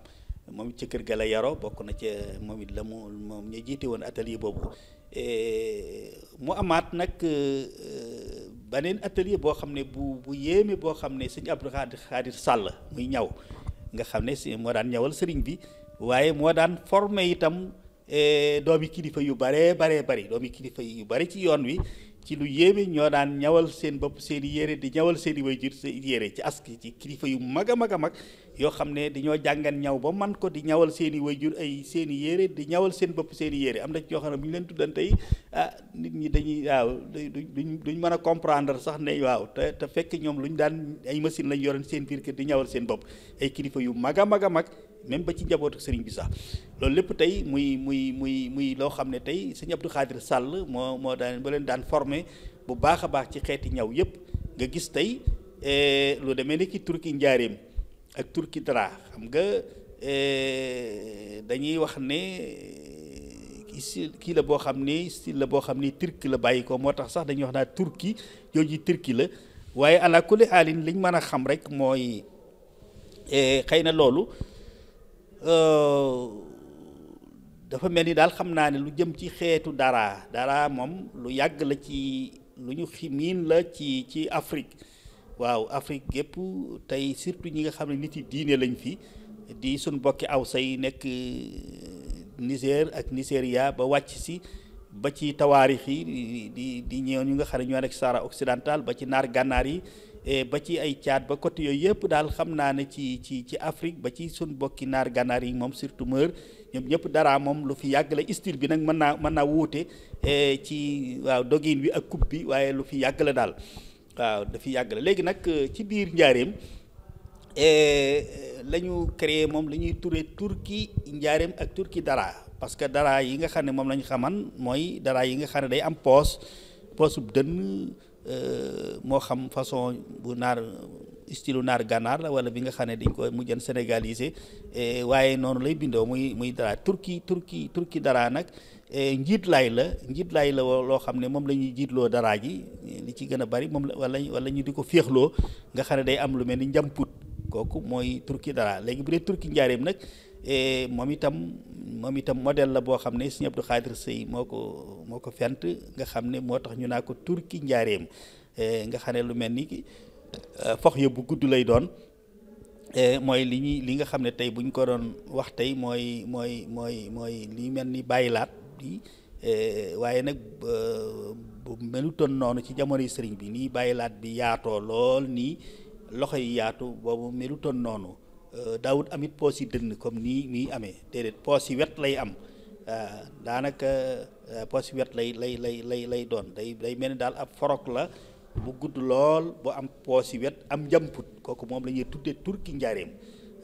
moom ci kër ga la yaro bokk na ca moom it la mu moom ñu jiite woon atelier boobu Euh, mu amaat nag euh, euh, beneen atelier boo xam ne bu bu yéeme boo xam ne sëñ Abdou Khadir Sall muy ñaw nga xam ne si moo daan ñawal sëriñ bi waaye moo daan formé itam doomi kilifa yu baree baree bari doomi kilifa yu bari ci yoon wi ci lu yéeme ñoo daan ñawal seen bopp seen yére di ñawal seen i way jur seen yére ci aski ci kilifa yu mag a mag a mag yoo xam ne dañoo jàngan ñaw ba man ko di ñawal seeni i wayjur ay seen i yére di ñawal seen bopp seen yére am na ci ñoo xam ne bu ñu leen tuddan tey ah nit ñi dañuy waaw duñ duñ mën a comprendre sax ne waaw te te fekk ñoom lu ñu daan ay machine lañ yoroon seen biir kër di ñawal seen bopp ay kilifa yu mag a mag a mag même ba ci njabootu sëriñ bi sax loolu lépp tey muy muy muy muy loo xam ne tey sëñ du Khadir sàll moo moo daan ba leen daan formé bu baax a baax ci xeeti ñaw yëpp nga gis tey eh, lu demee ni ki turki ak turki dara xam nga eh, dañuy wax ne eh, kii la boo xam ni style la boo xam ni turki la bàyyi ko moo tax sax dañuy wax naa turki jooju turki la waaye ala kulli alin liñ mën a xam rek mooy eh, xëy na loolu dafa mel ni daal xam naa ne lu jëm ci xeetu dara dara moom lu yàgg la ci lu ñu ximiin la ci ci Afrique waaw Afrique yëpp tey surtout ñi nga xam ne nit yi diine lañ fi di suñ bokki aw say nekk euh, Niger ak Nigeria ba wàcc si ba ci tawaarix yi di di ñëw ñu nga xam ne ñoo nekk Sahara occidental ba ci naar gànnaar yi e ba ci ay caat ba côté yooyu yëpp daal xam naa ne ci ci ci Afrique ba ci suñ bokki naar gànnaar yi moom surtout meur ñoom ñëpp dara moom lu fi yàgg la style bi nag mën naa mën naa wuute e ci waaw dogin wi ak coupe bi waaye lu fi yàgg la daal waaw dafi yàgg la léegi nag euh, ci biir njaareem euh, la ñu créé moom la ñuy turee turki njaareem ak turki dara parce que dara yi nga xam ne moom la ñu xaman mooy dara yi nga xam ne day am poos poos bu dënn euh, moo xam façon bu naar stylo naar gànnaar la wala bi nga xam ne dañ ko mujjan sénégalisé eh, waaye noonu lay bindoo muy muy dara turki turki turki dara nag eh, njiit laay la njiit laay la loo xam ne moom la ñuy jiitloo dara ji li ci gën a bari moom la wala wala ñu di ko féexloo nga xam ne day am lu mel ni njamput kooku mooy turki dara léegi bu dee turki njaareem nag eh, moom itam moom itam modèle la boo xam ne Sëñ Abdou Khadir Sey moo ko moo ko fent nga xam ne moo tax ñu naa ko turki njaareem nga xam ne lu mel ni Euh, fox ya bu gudd lay doon mooy li ñuy li nga xam ne tey bu ñu ko doon wax tey mooy mooy mooy mooy lii mel ni bàyyilaat bi waaye nag euh, bu melutoon noonu ci jamonoy sëriñ bi nii bàyyilaat bi yaatoo lool nii loxo yi yaatu boobu melutoon noonu euh, dawut amit poos yi dënn comme nii muy amee déedéet poos yi wet lay am daanaka poos yi wet lay lay lay lay lay doon day day mel ni daal ab forog la bu gudd lool bu am poos yi wet am njamput kooku moom la ñuy tuddee turki njaareem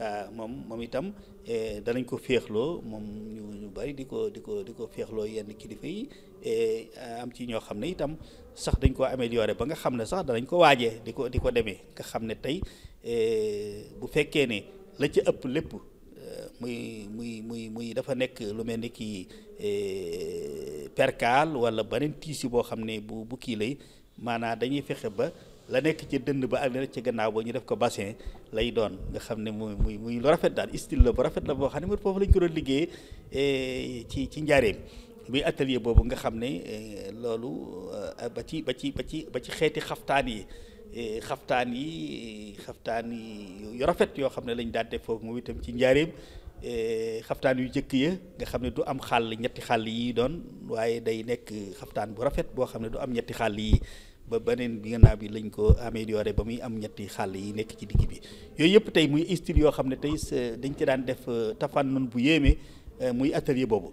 ah, moom moom itam eh, danañ ko féexloo moom ñu ñu bari di ko di ko di ko féexloo yenn kilifa yi eh, am ci ñoo xam ne itam sax dañ koo amélioré ba nga xam ne sax danañ ko waajee di ko di ko demee nga xam ne tey eh, bu fekkee ne la ci ëpp lépp muy muy muy muy dafa nekk lu mel ni kii percale wala beneen tiisi boo xam ne bu bu kii lay maanaam dañuy fexe ba la nekk ci dënd ba ak la nekk ci gannaaw ba ñu def ko bassin lay doon nga xam ne muy muy muy lu rafet daal style la bu rafet la boo xam ne mooy foofu lañ ko doon eh, ci ci njaareem muy atelier boobu nga xam ne eh, loolu eh, ba ci ba ci ba ci ba ci xeeti xaftaan yi xaftaan yi xaftaan yi yu rafet yoo xam ne lañ daan def foofu mu itam ci njaareem xaftaan yu jëkk ya nga xam ne du am xàll ñetti xàll yi doon waaye day nekk xaftaan bu rafet boo xam ne du am ñetti xàll yi ba beneen bi gannaaw lañ ko amélioré ba muy am ñetti xàll yi nekk ci digg bi yooyu yëpp tey muy style yoo xam ne tey dañ ci daan def euh, tafannun bu yéeme euh, muy atelier boobu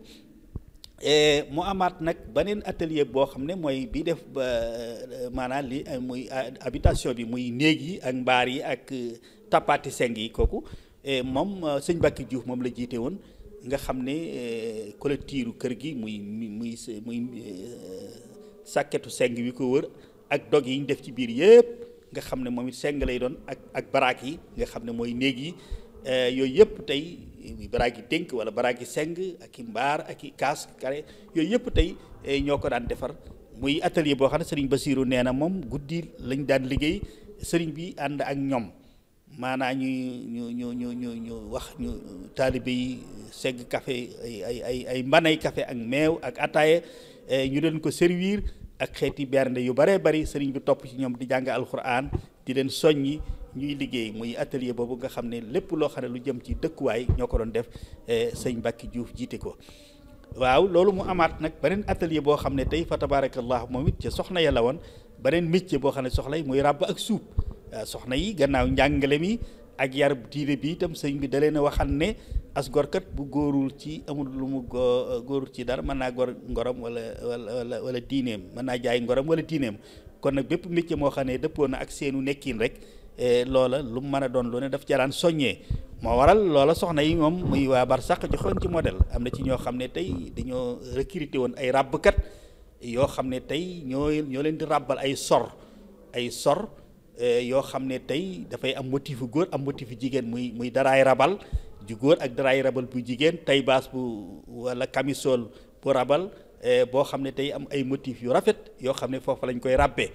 mu amaat nag beneen atelier boo xam ne mooy bi def ba euh, maanaam li muy habitation bi muy néeg yi ak mbaar yi ak tappaati seng yi kooku moom sëñ Bakki Diouf moom la jiite woon nga xam ne collectiru kër gi muy muy muy sàkketu seng wi ko wër ak dog yi ñu def ci biir yëpp nga xam ne moom it seng lay doon ak ak baraak yi nga xam ne mooy néeg yi euh, yooyu yëpp tey baraak yi dénk wala baraak yi seng ak i mbaar ak i kaas kare yooyu yëpp tey euh, ñoo ko daan defar muy atelier boo xam ne ba Basiiru nee na moom guddi lañ daan liggéey sëriñ bi ànd ak ñoom maanaa ñu ñu ñu ñu ñu ñu wax ñu taalibe yi segg kafe ay ay ay ay mbanay café ak meew ak ataaye euh, ñu leen ko servir ak xeeti bernde yu baree bari sëriñ bi topp ci ñoom di jàng alxuraan di leen soññi ñuy liggéey muy atelier boobu nga xam ne lépp loo xam ne lu jëm ci dëkkuwaay ñoo ko doon def eh, sëñ Mbacke Diouf jiite ko waaw loolu mu amaat nag beneen atelier boo xam ne tey fa tabarakallah moom it ca soxna ya la woon beneen métier boo xam ne soxla yi muy ràbb ak suub soxna yi gannaaw njàngale mi ak yarub diine bi itam sëñ bi da leen a waxal ne as gorkat bu góorul ci amul lu mu góorul ci dara mën naa gor ngorom wala wala wala diineem mën naa jaay ngorom wala diineem kon nag bépp métier moo xam ne dëppoo na ak seenu nekkin rek e, loola lu mu mën a doon lu ne daf jaraan soññee moo waral loola soxna yi moom muy waa bar sax joxoon ci modèle am na ci ñoo xam ne tey dañoo recruter woon ay ràbbkat yoo xam ne tey ñoo ñoo leen di ràbbal ay sor ay sor e, yoo xam ne tey dafay am motifu góor am motifu jigéen muy muy daraay rabal ju góor ak daraay rabal bu jigéen tay baas bu wala camisole bu rabal eh, boo xam ne tey am ay motifs yu rafet yoo xam ne foofa lañ koy ràbbee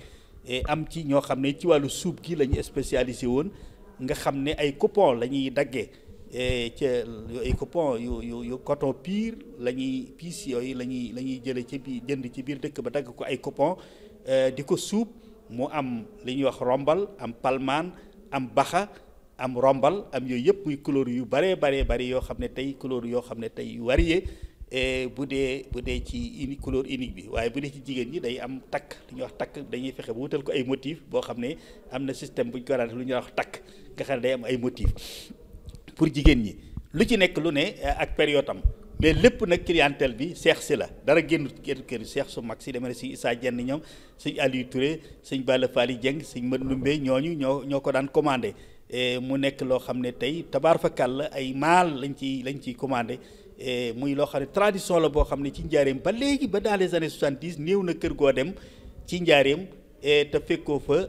eh, am ci ñoo xam ne ci wàllu suub gi la ñu spécialisé woon nga xam ne ay coupon la ñuy daggee eh, ca ay coupon yu yu yu coton la ñuy piis yooyu la ñuy la ñuy jëlee ci biir jënd ci biir dëkk ba dagg ko ay coupon di ko suub mu am li ñuy wax rombal am palmaan am baxa am rombal am yooyu yëpp muy couleur yu baree baree bari yoo xam ne tey couleur yoo xam ne tey yu varié bu dee bu dee ci uni couleur unique bi waaye bu dee ci jigéen ñi day am takk lu ñuy wax takk dañuy fexe bu wutal ko ay motif boo xam ne am na système bu ñu ko daan lu ñuy wax takk nga day am ay motif pour jigéen ñi lu ci nekk lu ne eh, ak période am mais lépp nag clientèle bi seex si la dara génn génn kër seex su mag si demee si Issa Dieng ñoom suñ Aliou Touré suñ Balla Fally Dieng suñ Mën Numbe ñooñu ñoo ñoo ko daan commandé E, mu nekk loo xam ne tey tabaar fa kàll ay maal lañ ci lañ ciy commandé e, muy loo xam ne tradition la boo xam ne ci njaareem ba léegi ba dans les années 70 néew na kër goo dem ci njaareem e, te fekkoo fa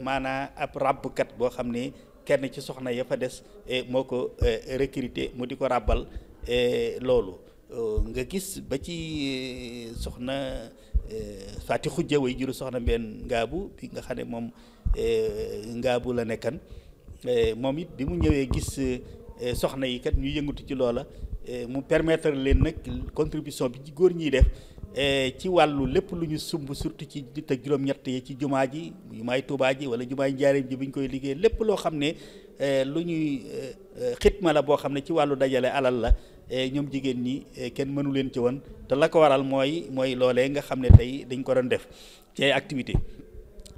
maanaa ab ràbbkat boo xam ne kenn ci soxna ya fa des moo ko recruté mu di ko ràbbal loolu nga gis ba ci soxna Faati Xujja way juru soxna mbenn ngaabu bi nga xam ne moom ngaabu la nekkan Eh, moom it bi mu ñëwee gis eh, soxna yi kat ñu yëngatu ci loola eh, mu permettre leen nag contribution bi ci góor ñiy def ci wàllu lépp lu ñu sumb surtout ci te juróom-ñett yi ci jumaa ji jumaay Tuubaa ji wala jumaay Njaaréem ji bu ñu koy liggéey lépp loo xam ne lu ñuy xitma la boo xam ne ci wàllu dajale alal la ñoom jigéen ñi kenn mënu leen ci woon te la ko waral mooy mooy loole nga xam ne tey dañ ko doon def ci activité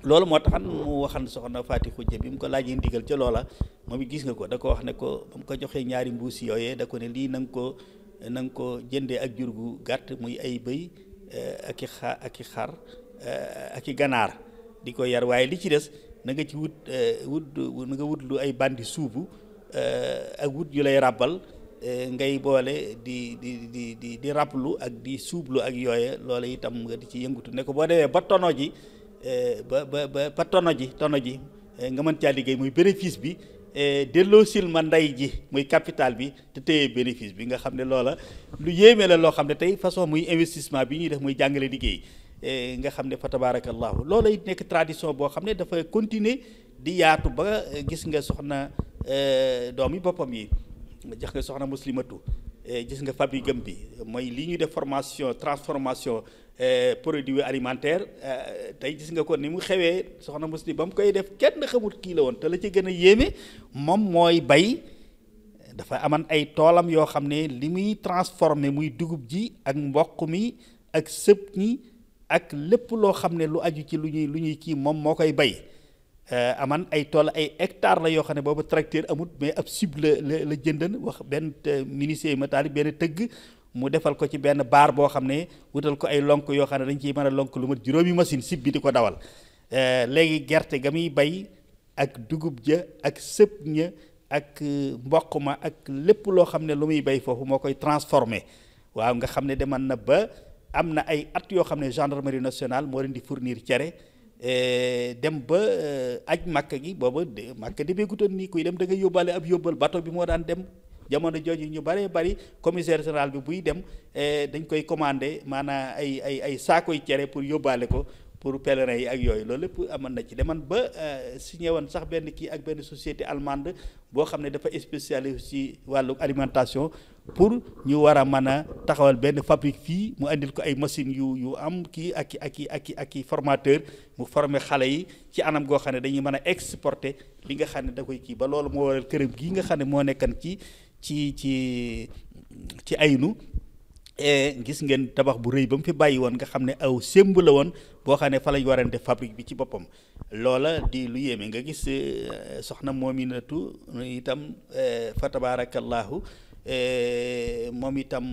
loolu moo taxan mu waxan soxna Faati Xujja bi mu ko laajee ndigal ca loola moom it gis nga ko da ko wax ne ko ba mu ko joxee ñaari mbuus yooyee da ko ne lii na ko na ko jëndee ak jur gu gàtt muy ay bëy eh, ak i xar eh, ak i ganaar di ko yar waaye li ci des na nga ci wut eh, wut na nga wut lu ay bandi suubu ak wut yu lay ràbbal ngay boole di di di di di ràpplu ak di suublu ak yooye loola itam nga di ci yëngutu ne ko boo demee ba tono ji Eh, ba ba ba tono ji tono ji eh, nga mën caa liggéey muy bénéfice bi eh, delloo sil ma ndey ji muy capital bi te téye bénéfice bi nga xam ne loola lu yéeme la loo xam ne tey façon muy investissement bi ñuy def muy jàngale liggéey nga xam ne fa tabaarakallaahu loola it nekk tradition boo xam ne dafa continuer di yaatu ba gis nga soxna doom yi boppam yi jox nga soxna muslimatu gis nga fabrigam bi mooy li ñuy def formation transformation Euh, produit alimentaire euh, tey gis nga ko ni mu xewee soxna mos ba mu koy def kenn xamut kii la woon te la ci gën a yéeme moom mooy bay dafa aman ay toolam yoo xam ne li muy transformé muy dugub ji ak mboq mi ak sëp ñi ak lépp loo xam ne lu aju ci lu ñuy lu ñuy kii moom moo koy bay euh, aman ay tool ay hectare la yoo xam ne boobu tracteur amut mais ab cible la la jëndan wax benn ministère ma taali benn tëgg mu defal ko ci benn baar boo xam ne wutal ko ay lonk yoo xam ne dañ ciy mën a lonk lu ma juróomi machine sib bi di ko dawal eh, léegi gerte ga muy bay ak dugub ja ak sëb ña ak eh, mboq ma ak lépp loo xam ne lu muy bay foofu moo koy transformé waaw nga xam ne deman na ba am na ay at yoo xam ne gendarmerie nationale moo leen di fournir cere eh, dem ba aj màkk gi booba màkk demeegutoon nii kuy dem da nga yóbbaale ab yóbbal bateau bi moo daan dem jamono jooju ñu baree bari commissaire général bi buy dem eh, dañ koy commandé maanaam ay ay ay saakoy cere pour yóbbaale ko pour pèlerins yi ak yooyu loolu lépp aman na ci deman ba eh, signé woon sax benn kii ak benn societé allemande boo xam ne dafa spécialisé ci wàllu alimentation pour ñu war a mën a taxawal benn fabrique fii mu andil ko ay machines yu yu am kii ak i ak i ak i ak i formateur mu former xale yi ci anam goo xam ne dañuy mën a exporter li nga xam ne da koy kii ba loolu moo waral këram gii nga xam ne moo nekkan ci ci ci ci aynu e gis ngeen tabax bu rëy ba mu fi bàyyi woon nga xam ne aw sémb la woon boo xam ne fa lañ warante fabrique bi ci boppam loola di lu yéeme nga gis e, soxna moominatu itam e, fa tabaarakallaahu moom itam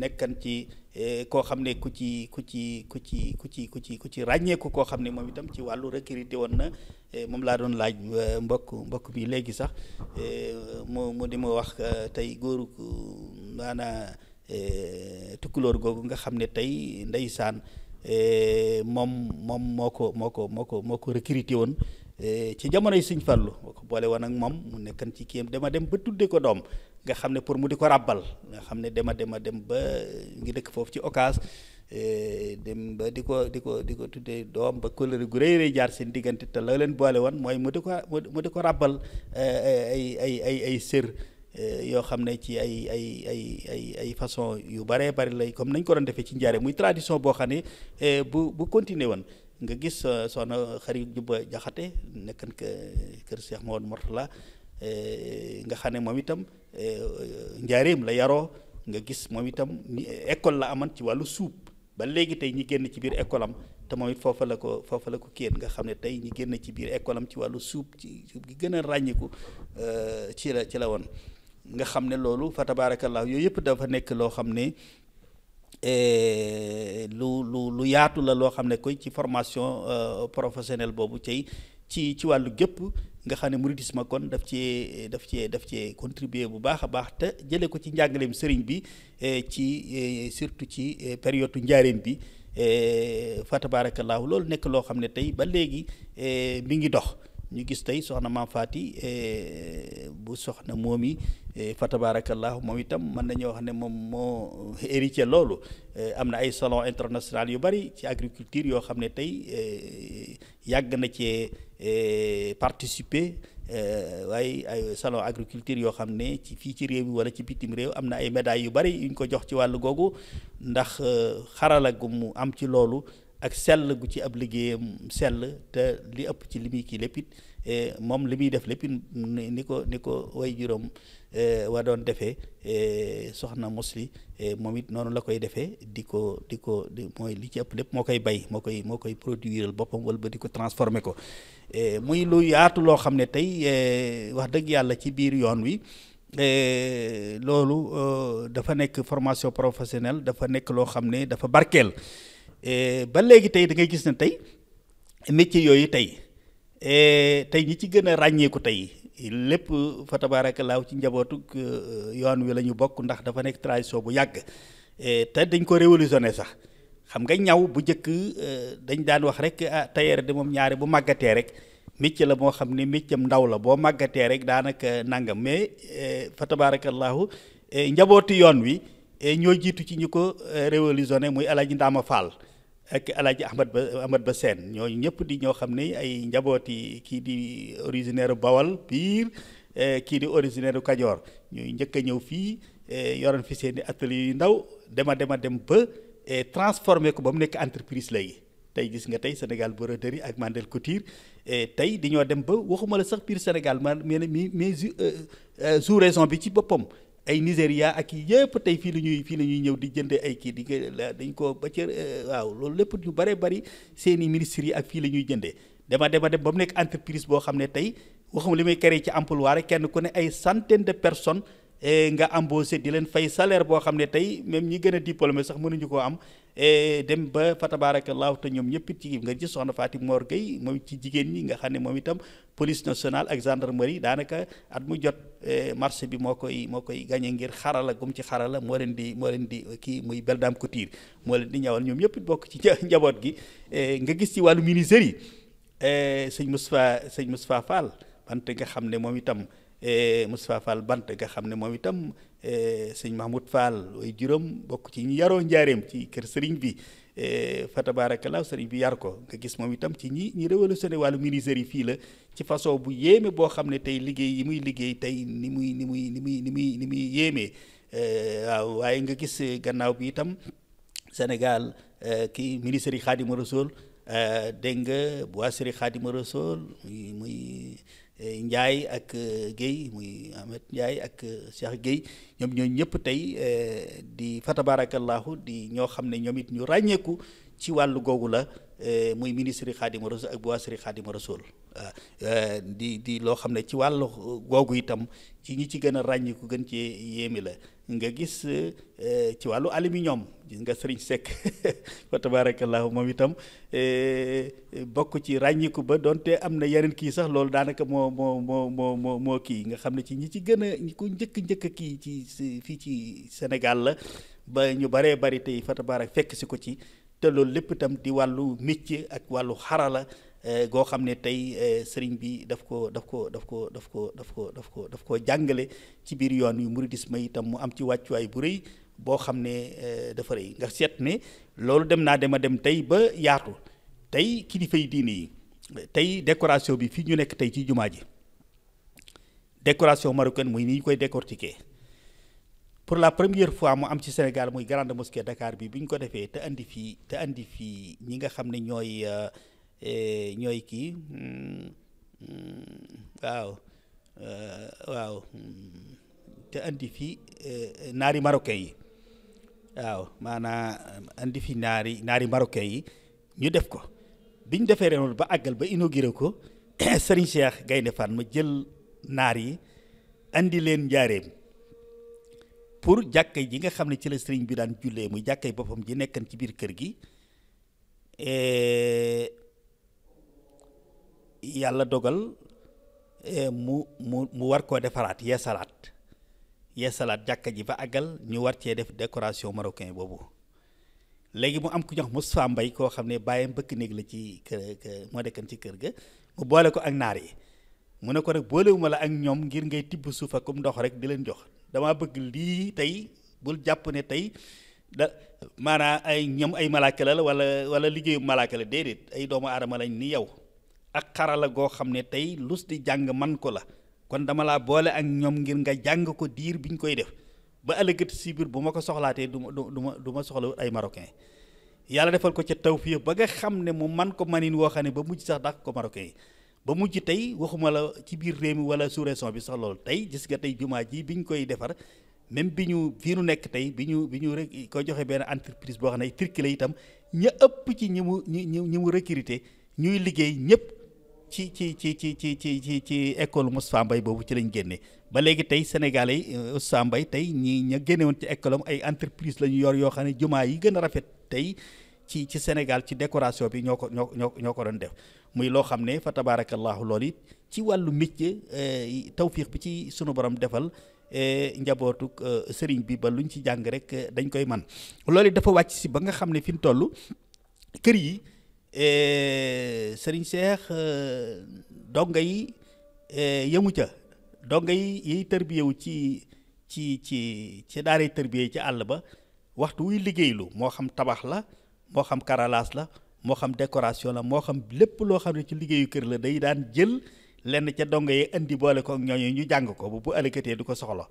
nekkan ci Eh, koo xam ne ku ci ku ci ku ci ku ci ku ci ku ci ràññeeku koo xam ne moom itam ci wàllu recruté woon na eh, moom laa doon laaj eh, mbokk mbokk bi léegi sax mu mu di ma wax tey góoru maanaa tukkulóor googu nga xam ne tey ndeysaan moom moom moo ko moo ko moo ko moo ko recruté woon ci jamono Sëñ Fallu moo boole woon ak moom mu nekkan ci kiyam dama dem ba tuddee ko doom nga xam ne pour mu di ko ràbbal nga xam ne dema dema dem ba ngi dëkk foofu ci occas eh, dem ba di ko di ko di ko tuddee doom ba kóllëre gu rëy rëy jaar seen diggante te la leen boole woon mooy mu di ko mu di ko ràbbal eh, eh, ay ay ay ay sër yoo xam ne ci ay ay ay ay ay façon yu baree bari lay comme nañ ko doon defee ci njaare muy tradition boo xam ne bu bu continuer woon nga gis soxna xarit Juba Jaxate nekkan kër Cheikh Mawone Mortala Eh, nga xam ne moom itam eh, njaareem la yaroo nga gis moom itam ni eh, école la aman ci wàllu suub ba léegi tey ñi génn ci biir école am te moom foofa la ko foofa la ko kéen nga xam ne tey ñi génn ci biir école am ci wàllu suub ci suub gi gën a ràññiku ci la ci la woon nga xam ne loolu fa tabaarakallaahu yooyu yëpp dafa nekk loo xam ne lu lu lu yaatu la loo xam ne koy ci formation professionnelle boobu tey ci ci wàllu gépp nga xam ne mouridisme kon daf cee daf cee daf cee contribuer bu baax a baax te jëlee ko ci njàngaleem sëriñ bi e, ci e, surtout ci e, période njaareem bi fa tabaarakallaahu loolu nekk loo xam ne tey ba léegi mi ngi dox. ñu gis tey soxna maam Faty e, bu soxna moom yi e, fa tabarakallahu moom itam mën nañoo wax ne moom moo héritier loolu e, am na ay salon international yu bari ci agriculture yoo xam ne tey yàgg na cee participer waaye ay salon agriculture yoo xam ne ci fii ci réew mi wala ci bitim réew am na ay médailles yu bari yuñ ko jox ci wàllu googu ndax xarala gu mu am ci loolu ak sell gu ci ab liggéeyam sell te li ëpp ci li muy kii lépp it eh, moom li muy def lépp ni ko ni ko way juróom eh, wa doon defee eh, soxna Musli moom it noonu la koy defee di ko di ko mooy li ci ëpp lépp moo koy bay moo koy moo koy produiral boppam wala ba di ko transformer ko muy lu yaatu loo xam ne tey wax dëgg yàlla ci biir yoon wi loolu euh, dafa nekk formation professionnelle dafa nekk loo xam ne dafa barkeel Eh, ba léegi tey da ngay gis ne tey métier yooyu tey eh, tey ñi ci gën a ràññeeku tey lépp fa tabaarakallaahu ci njabootu eh, yoon wi la ñu bokk ndax dafa nekk tradition bu yàgg te dañ ko révolutionné sax xam nga ñaw bu njëkk dañ daan wax rek ah tailleur de moom ñaari bu màggatee rek métier la moo xam ne métier ndaw la boo màggatee rek daanaka nangam mais fa tabaarakallaahu njabootu yoon wi ñoo jiitu ci ñu ko révolutionné muy El Hadj Ndama Fall. ak alaaji ahmad ba ahmad ba seen ñooñu ñëpp di ñoo xam ne ay njabooti kii di originaire bawal piir eh, kii di originaire u kajoor ñuy njëkk a ñëw fii eh, yoroon fi seen i atelier yu ndaw dema dema dem ba eh, transformé ko ba mu nekk entreprise léegi tey gis nga tey Sénégal Broderie ak Mandel Couture tey di ñoo dem ba waxuma la sax biir Sénégal ma mais mais euh, euh, sous raison bi ci boppam ay Nigéria ak yi yëpp tey fii la ñuy fii la ñuy ñëw di jënd ay kii di dañ ko ba ca eh, waaw loolu lépp yu bare bari seeni ministres yi ak fii la ñuy jëndee dama dema dem ba mu nekk entreprise boo xam ne tey waxuma li may yi ci emploi rek kenn ku ne ay centaine de personnes eh, nga embauché di leen fay salaire boo xam ne tey même ñi gën a diplômé sax mënuñu koo am E dem ba fa tabaarakallaahu te ñoom ñëpp ci nga gis soxna Faati Mor Gueye moom ci jigéen ñi nga xam ne moom itam police nationale ak gendarmerie daanaka at mu jot e marché bi moo koy moo koy gañe ngir xarala gum ci xarala moo leen di moo leen di kii muy ko Couture moo leen di ñawal ñoom ñëpp bokk ci *laughs* njaboot gi e nga gis ci wàllu ministère yi sëñ Moustapha sëñ Moustapha Fall bant nga xam ne moom itam Moustapha Fall bant nga xam ne moom itam Eh, sëñ Mahmoud Fall way juróom bokk ci ñu yaroo njaareem ci kër sëriñ bi eh, fa tabaarakallaa sëriñ bi yar ko nga gis moom itam ci ñi ñi révolutionné wàllu ministère yi fii la ci façon bu yéeme boo xam ne tey liggéey yi muy liggéey tey ni muy ni muy ni muy ni muy ni muy yéeme eh, waaw waaye nga gis gannaaw bi itam Sénégal kii ministère yi Xaadimu Rasuul dégg nga boiserie Xaadimu Rasuul muy muy Eh, Ndiaye ak eh, Guèye muy Ahmed Ndiaye ak eh, Cheikh Guèye ñoom ñooñu ñëpp tey di fa tabarakallahu di ñoo xam ne ñoom it ñu ràññeeku ci wàllu googu la euh, muy ministre yi Xaadimu Rasul ak bu waa Sëriñ Xaadimu euh, euh, di di loo xam ne ci wàllu googu itam ci ñi ci gën a ràññiku gën ci yéeme la nga gis ci wàllu aluminium gis nga Sëriñ Seck *laughs* fa tabaarakallaahu moom itam bokk ci ràññiku ba donte am na yeneen kii sax loolu daanaka moo moo moo moo moo moo kii nga xam ne ci ñi ci gën a ñi ko njëkk njëkk kii ci fii ci Sénégal la ba ñu baree bari tey fa tabaarak fekk si ko ci te loolu lépp itam di wàllu métier ak wàllu xarala eh, goo xam ne tey eh, sëriñ bi daf ko daf ko daf ko daf ko daf ko daf ko daf ko jàngale ci biir yoon yu muridisme itam mu am ci wàccuwaay bu rëy boo xam ne eh, dafa rëy nga seet ne loolu dem naa dem a dem tey ba yaatu tey kilifa yi diine yi tey décoration bi fii ñu nekk tey ci jumaa ji décoration marocaine muy ni ñu koy décortiquer pour la première fois mu am ci Sénégal muy grande mosquée Dakar bi bu ñu ko defee te andi fi te andi fii ñi nga xam ne ñooy eh, ñooy kii hmm, hmm, waaw eh, waaw hmm, te andi fii eh, naari marocain yi waaw maanaa andi fi naari naari marocain yi ñu def ko bi ñu defee ren ba àggal ba inauguré ko *coughs* Serigne Cheikh Gaynde Fatma ma jël naar yi indi leen njaareem pour jàkkay ji nga xam ne ci la sëriñ bi daan jullee muy jàkkay boppam ji nekkan ci biir kër gi eh, yàlla dogal eh, mu mu mu war koo defaraat yeesalaat yeesalaat jàkka ji ba àggal ñu war cee def décoration marocain boobu léegi mu am ku ñox Moustapha Mbay koo xam ne bàyyam mbëkk néeg la ci kër moo dekkan ci kër ga mu boole ko ak naar yi mu ne ko rek boolewuma la ak ñoom ngir ngay tibb a comme ndox rek di leen jox damaa bëgg lii tey bul jàpp ne tey da maanaam ay ñoom ay malaaka la wala wala liggéeyu malaaka la déedéet ay doomu aadama lañ ni yow ak xarala goo xam ne tey lus di jàng man ko la kon dama laa boole ak ñoom ngir nga jàng ko diir bi ñu koy def ba ëllëgati si bu ma ko soxlaatee du ma du ma du ma soxla ay marocain yàlla defal ko ca tawfiix ba nga xam ne mu man ko manin woo xam ne ba mujj sax dàq ko marocain yi ba mujj tey waxuma la ci biir réew mi wala sous-région bi sax loolu tey gis nga tey jumaa ji bi ñu koy defar même bi ñu fii nu nekk tey bi ñu bi ñu rek ko joxe benn entreprise boo xam ne Turquie itam ña ëpp ci ñi mu ñi ñi mu recruter ñuy liggéey ñëpp ci ci ci ci ci ci ci ci école Moustapha Mbaye boobu ci lañ génne ba léegi tey Sénégalais yi euh, Moustapha Mbaye tey ñi ña génne woon ci école ay entreprise la ñu yor yoo xam ne jumaa yi gën a rafet tey ci ci Sénégal ci décoration bi ñoo ko ñoo ñoo ko doon def muy loo xam ne fa tabaarakallaahu loolu it ci wàllu métier eh, tawfiix bi ci sunu borom defal eh, njabootu eh, sëriñ bi ba luñ ci jàng rek dañ koy man loolu dafa wàcc si ba nga xam ne fi mu toll kër yi sëriñ Seex donga yi yemu ca donga yi yiy tërbiyewu ci ci ci ci daaree tërbiye ca àll ba waxtu wuy liggéeylu moo xam tabax la moo xam carrelage la moo xam décoration la moo xam lépp loo xam ne ci liggéeyu kër la day daan jël lenn ca dongo yi indi boole ko ak ñooñu ñu jàng ko bu bu alëkkatee du ko soxla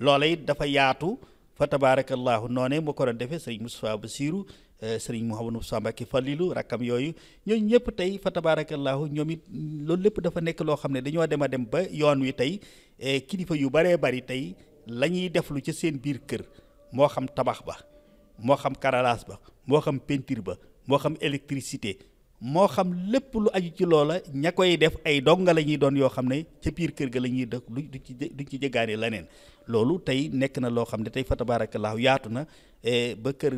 loola it dafa yaatu fa tabaarakallaahu noonee mu ko doon defee sëriñ Moustapha Bassirou euh, sëriñ Mouhamadou Moustapha Mbacké Falilou rakkam yooyu ñooñu ñëpp tey fa tabaarakallaahu ñoom it loolu lépp dafa nekk loo xam ne dañoo dem a dem ba yoon wi tey e, kilifa yu baree bari tey la ñuy deflu ca seen biir kër moo xam tabax ba moo xam karalaas ba moo xam peinture ba moo xam électricité moo xam lépp lu aju ci loola ña koy def ay donga la ñuy doon yoo xam ne ca biir kër ga la ñuy def du du ci duñ ci jéggaane leneen loolu tey nekk na loo xam ne tey fa tabaarakallaahu yaatu na e, ba kër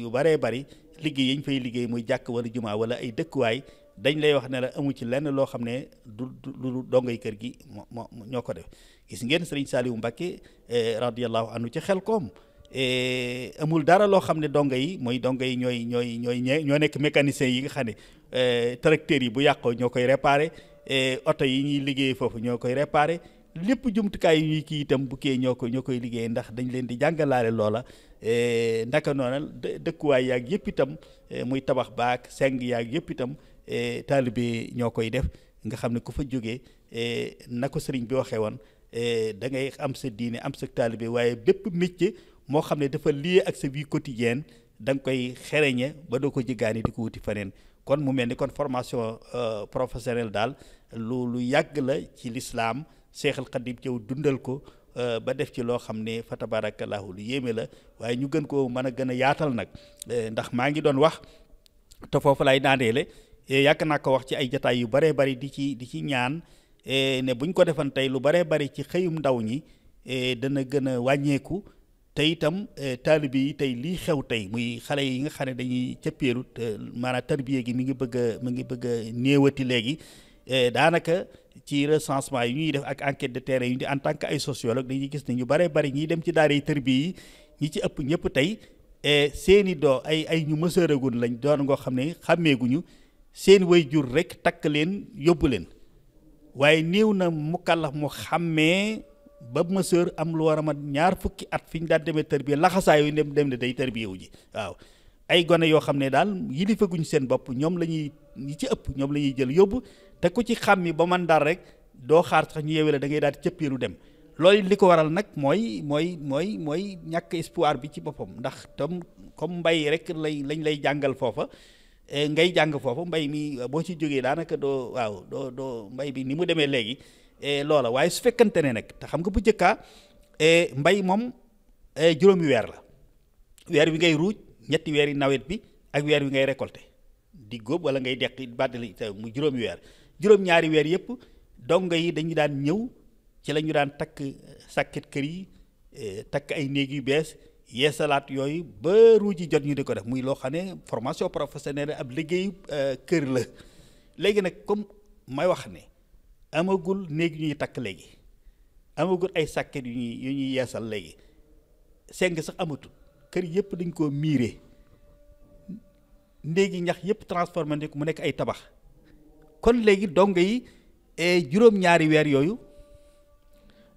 yu baree bari liggéey yañ fay liggéey muy jàkk wala jumaa wala ay dëkkuwaay dañ lay wax ne amu ci lenn loo xam ne du lu dongay kër gi moo moo ñoo ko def gis ngeen sëriñ Saliou Mbacke radiyallahu anhu ci xel koom Eh, amul dara loo xam ne donga yi mooy donga yi ñooy ñooy ñooy ñee ñoo nekk mécanicien yi nga xam ne eh, tracteurs yi bu yàqoo ñoo koy réparé eh, oto yi ñuy liggéey foofu ñoo koy réparé lépp jumtukaay yi ñuy kii itam bu kee ñoo ko ñoo koy liggéey ndax dañ leen di jàngalaale loola ndaka noona dëkkuwaay yaag yëpp itam muy tabax baak seng yaag yëpp itam taalibe ñoo koy def nga xam ne ku fa jógee na ko sëriñ bi waxee woon da ngay am sa diine am sa taalibe waaye bépp métier moo xam ne dafa lié ak sa vie quotidienne danga koy xereñe ba doo ko jéggaani di ko wuti feneen kon mu mel ni kon formation euh, professionnelle daal lu lu yàgg la ci lislaam seexal xadim jëw dundal ko euh, ba def ci loo xam ne fa tabarakallahu lu yéeme la waaye ñu gën ko mën a gën a yaatal nag euh, ndax maa ngi doon wax te foofu lay daaneele e yàgg naa ko wax ci ay jataay yu baree bari di ci di ci ñaan e ne buñ ko defan tey lu baree bari ci xëyum ndaw ñi e dana gën a wàññeeku te itam eh, taalibe yi tey lii xew tey muy xale yi nga xam ne dañuy cëppeelu maanaam tarbiye gi mi ngi bëgg mu ngi bëgg a néewati léegi eh, daanaka ci recensement yi ñuy def ak enquête de terrain yi di en tant que ay sociologue dañuy gis ne ñu bare bari ñiy dem ci daara yi tarbiye yi ñi ci ëpp ñëpp tey eh, seeni doo ay ay ñu mësëragun lañ doon ngoo xam ne xàmmeeguñu seen way jur rek takk leen yóbbu leen waaye néew na mukallaf mu xàmmee ba ma sœur am lu war a mat ñaar fukki at fi ñu daal demee tërbiye laxasaa yu dem dem ne day tërbiye wu ji waaw ay gone yoo xam ne daal yilifaguñ seen bopp ñoom la ñuy ñi ci ëpp ñoom la ñuy jël yóbbu te ko ci xàmmi ba man daal rek doo xaar sax ñu yewe la da ngay daal cëpp cëppeelu dem loolu li ko waral nag mooy mooy mooy mooy ñàkk espoir bi ci boppam ndax tam comme mbay rek lay lañ lay jàngal foofa eh, ngay jàng foofa mbay mi boo ci jógee daanaka doo doo doo mbay bi ni mu demee léegi Eh, loola waaye su fekkante ne nag te xam nga bu njëkkaa eh, mbay moom eh, juróomi weer la weer wi ngay ruuj ñetti weer yi nawet bi ak weer wi ngay récolter di góob wala ngay deqi bàttali mu juróomi weer juróom weer yëpp dongo yi dañu daan ñëw ci la ñu daan takk sàkket kër yi takk ay néeg yu bees yeesalaat yooyu ba ruuj yi jot ñu di ko def muy loo xam ne formation professionnelle ab liggéeyu kër la léegi nag comme may wax ne amagul néeg yu ñuy takk léegi amagul ay sàkket yu ñuy yu ñuy yeesal léegi seng sax amatu kër yëpp dañ koo miire néegi ñax yëpp transformé nañ mu nekk ay tabax kon léegi dong yi e, juróom-ñaari weer yooyu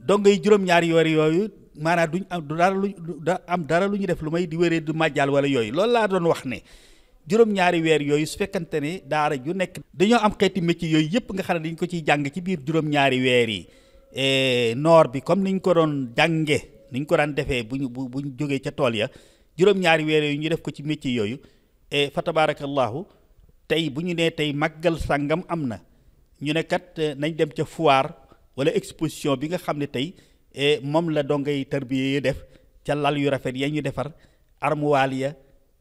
dong yi juróom-ñaari weer yooyu maanaa duñ am dara lu da am dara lu ñu def lu may di wéree du màjjaal wala yooyu loolu laa doon wax ne juróom-ñaari weer yooyu su fekkante ni daara ju nekk dañoo am xeeti métier yooyu yëpp nga xam ne dañ ko ciy jàng ci biir juróom-ñaari weer yi e, noor bi comme niñ ko doon jànge niñ ko daan defee bu ñu bu bu jógee ca tool ya juróom weer yooyu ñu def ko ci métier yooyu e, fa tabaarakallaahu tey bu ñu nee tey màggal sàngam am na ñu ne kat e, nañ dem ca foire wala exposition bi nga xam ne tey moom la dongay tarbiya yi def ca lal yu rafet ya ñu defar armoire ya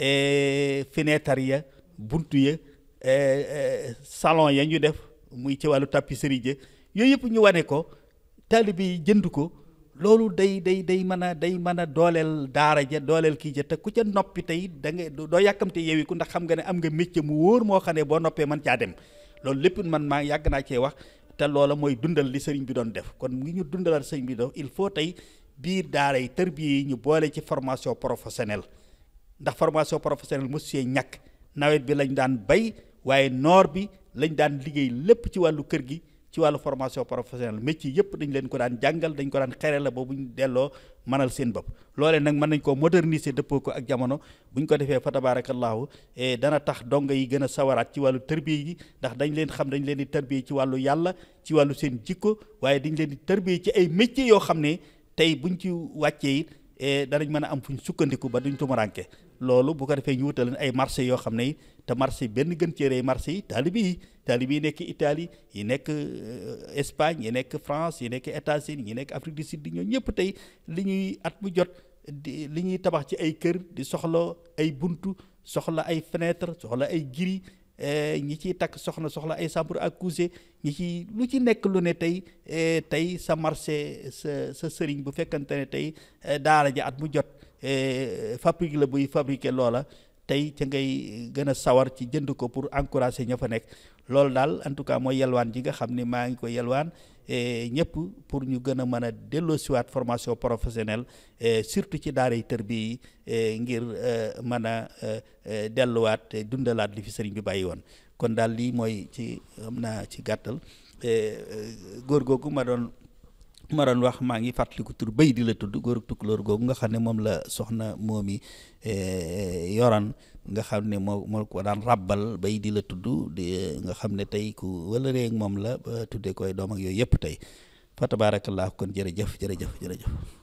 E fenêtre ya buntu ya e, e, salon ya ñu def muy ci wàllu tapisserie ja yooyu yëpp ñu wane ko taalibe yi jënd ko loolu day day day mën a day mën a dooleel daara ja dooleel kii ja te ku ca noppi tey da nga doo yàkkamte yeewi ku ndax xam nga ne am nga métier mu wóor moo xam ne boo noppee mën caa dem loolu lépp man maa yàgg naa cee wax te loola mooy dundal li sëriñ bi doon def kon ngi ñu dundalal sëriñ bi doon il faut tey biir daara yi tërbiye yi ñu boole ci formation professionnelle ndax formation professionnelle mosu see ñàkk nawet bi lañ daan bay waaye noor bi lañ daan liggéey lépp ci wàllu kër gi ci wàllu formation professionnelle métier yëpp dañ leen ko daan jàngal dañ ko daan xere la ba bu ñu delloo mënal seen bopp loolee nag mën nañ koo moderniser dëppoo ko ak jamono bu ñu ko defee fa tabaarakallaahu eh, dana tax dongo yi gën a sawaraat ci wàllu tërbiye yi ndax dañ leen xam dañ leen di tërbiye ci wàllu yàlla ci wàllu seen jikko waaye dañ leen di tërbiye ci ay métier yoo xam ne tey buñ ci wàccee it eh, danañ mën a am fuñ sukkandiku ba duñ tumuraanke loolu bu ko defee ñu wutal leen ay marché yoo xam ne te marché benn gën cee marché yi taalibe yi taalibe yi nekk Italie yi nekk euh, Espagne yi nekk France yi nekk États-Unis yi nekk Afrique du Sud ñoo ñëpp tey li ñuy at mu jot di ñuy tabax ci ay kër di soxla ay buntu soxla ay fenêtre soxla ay giri eh, ñi ciy takk soxna soxla ay chambre à coucher ñi ci lu ci nekk lu ne tey eh, tey sa marché sa sa sëriñ bu fekkante ne tey eh, daara ja at mu jot Eh, fabrique la buy fabriquer loola tey ca ngay gën a sawar ci jënd ko pour encourager ña fa nekk loolu daal en tout cas mooy yalwaan ji nga xam ni maa ngi ko yalwaan eh, ñëpp pour ñu gën a mën a delloosiwaat formation professionnelle eh, surtout ci daara yi tër bi ngir mën a delluwaat dundalaat li fi sëriñ bi bàyyi woon kon daal lii mooy ci xam naa ci gàttal góor googu ma doon. ma doon wax maa ngi fàttaliku tur béy di la tudd góor ak tukkulóor googu nga xam ne moom la soxna moomi eh, yoran nga xam ne moo moo ko daan ràbbal bay di la tudd di nga xam ne tey ku wala réeg moom la ba tuddee koy doom yooyu yëpp tey fa laa kon jërëjëf jërëjëf jërëjëf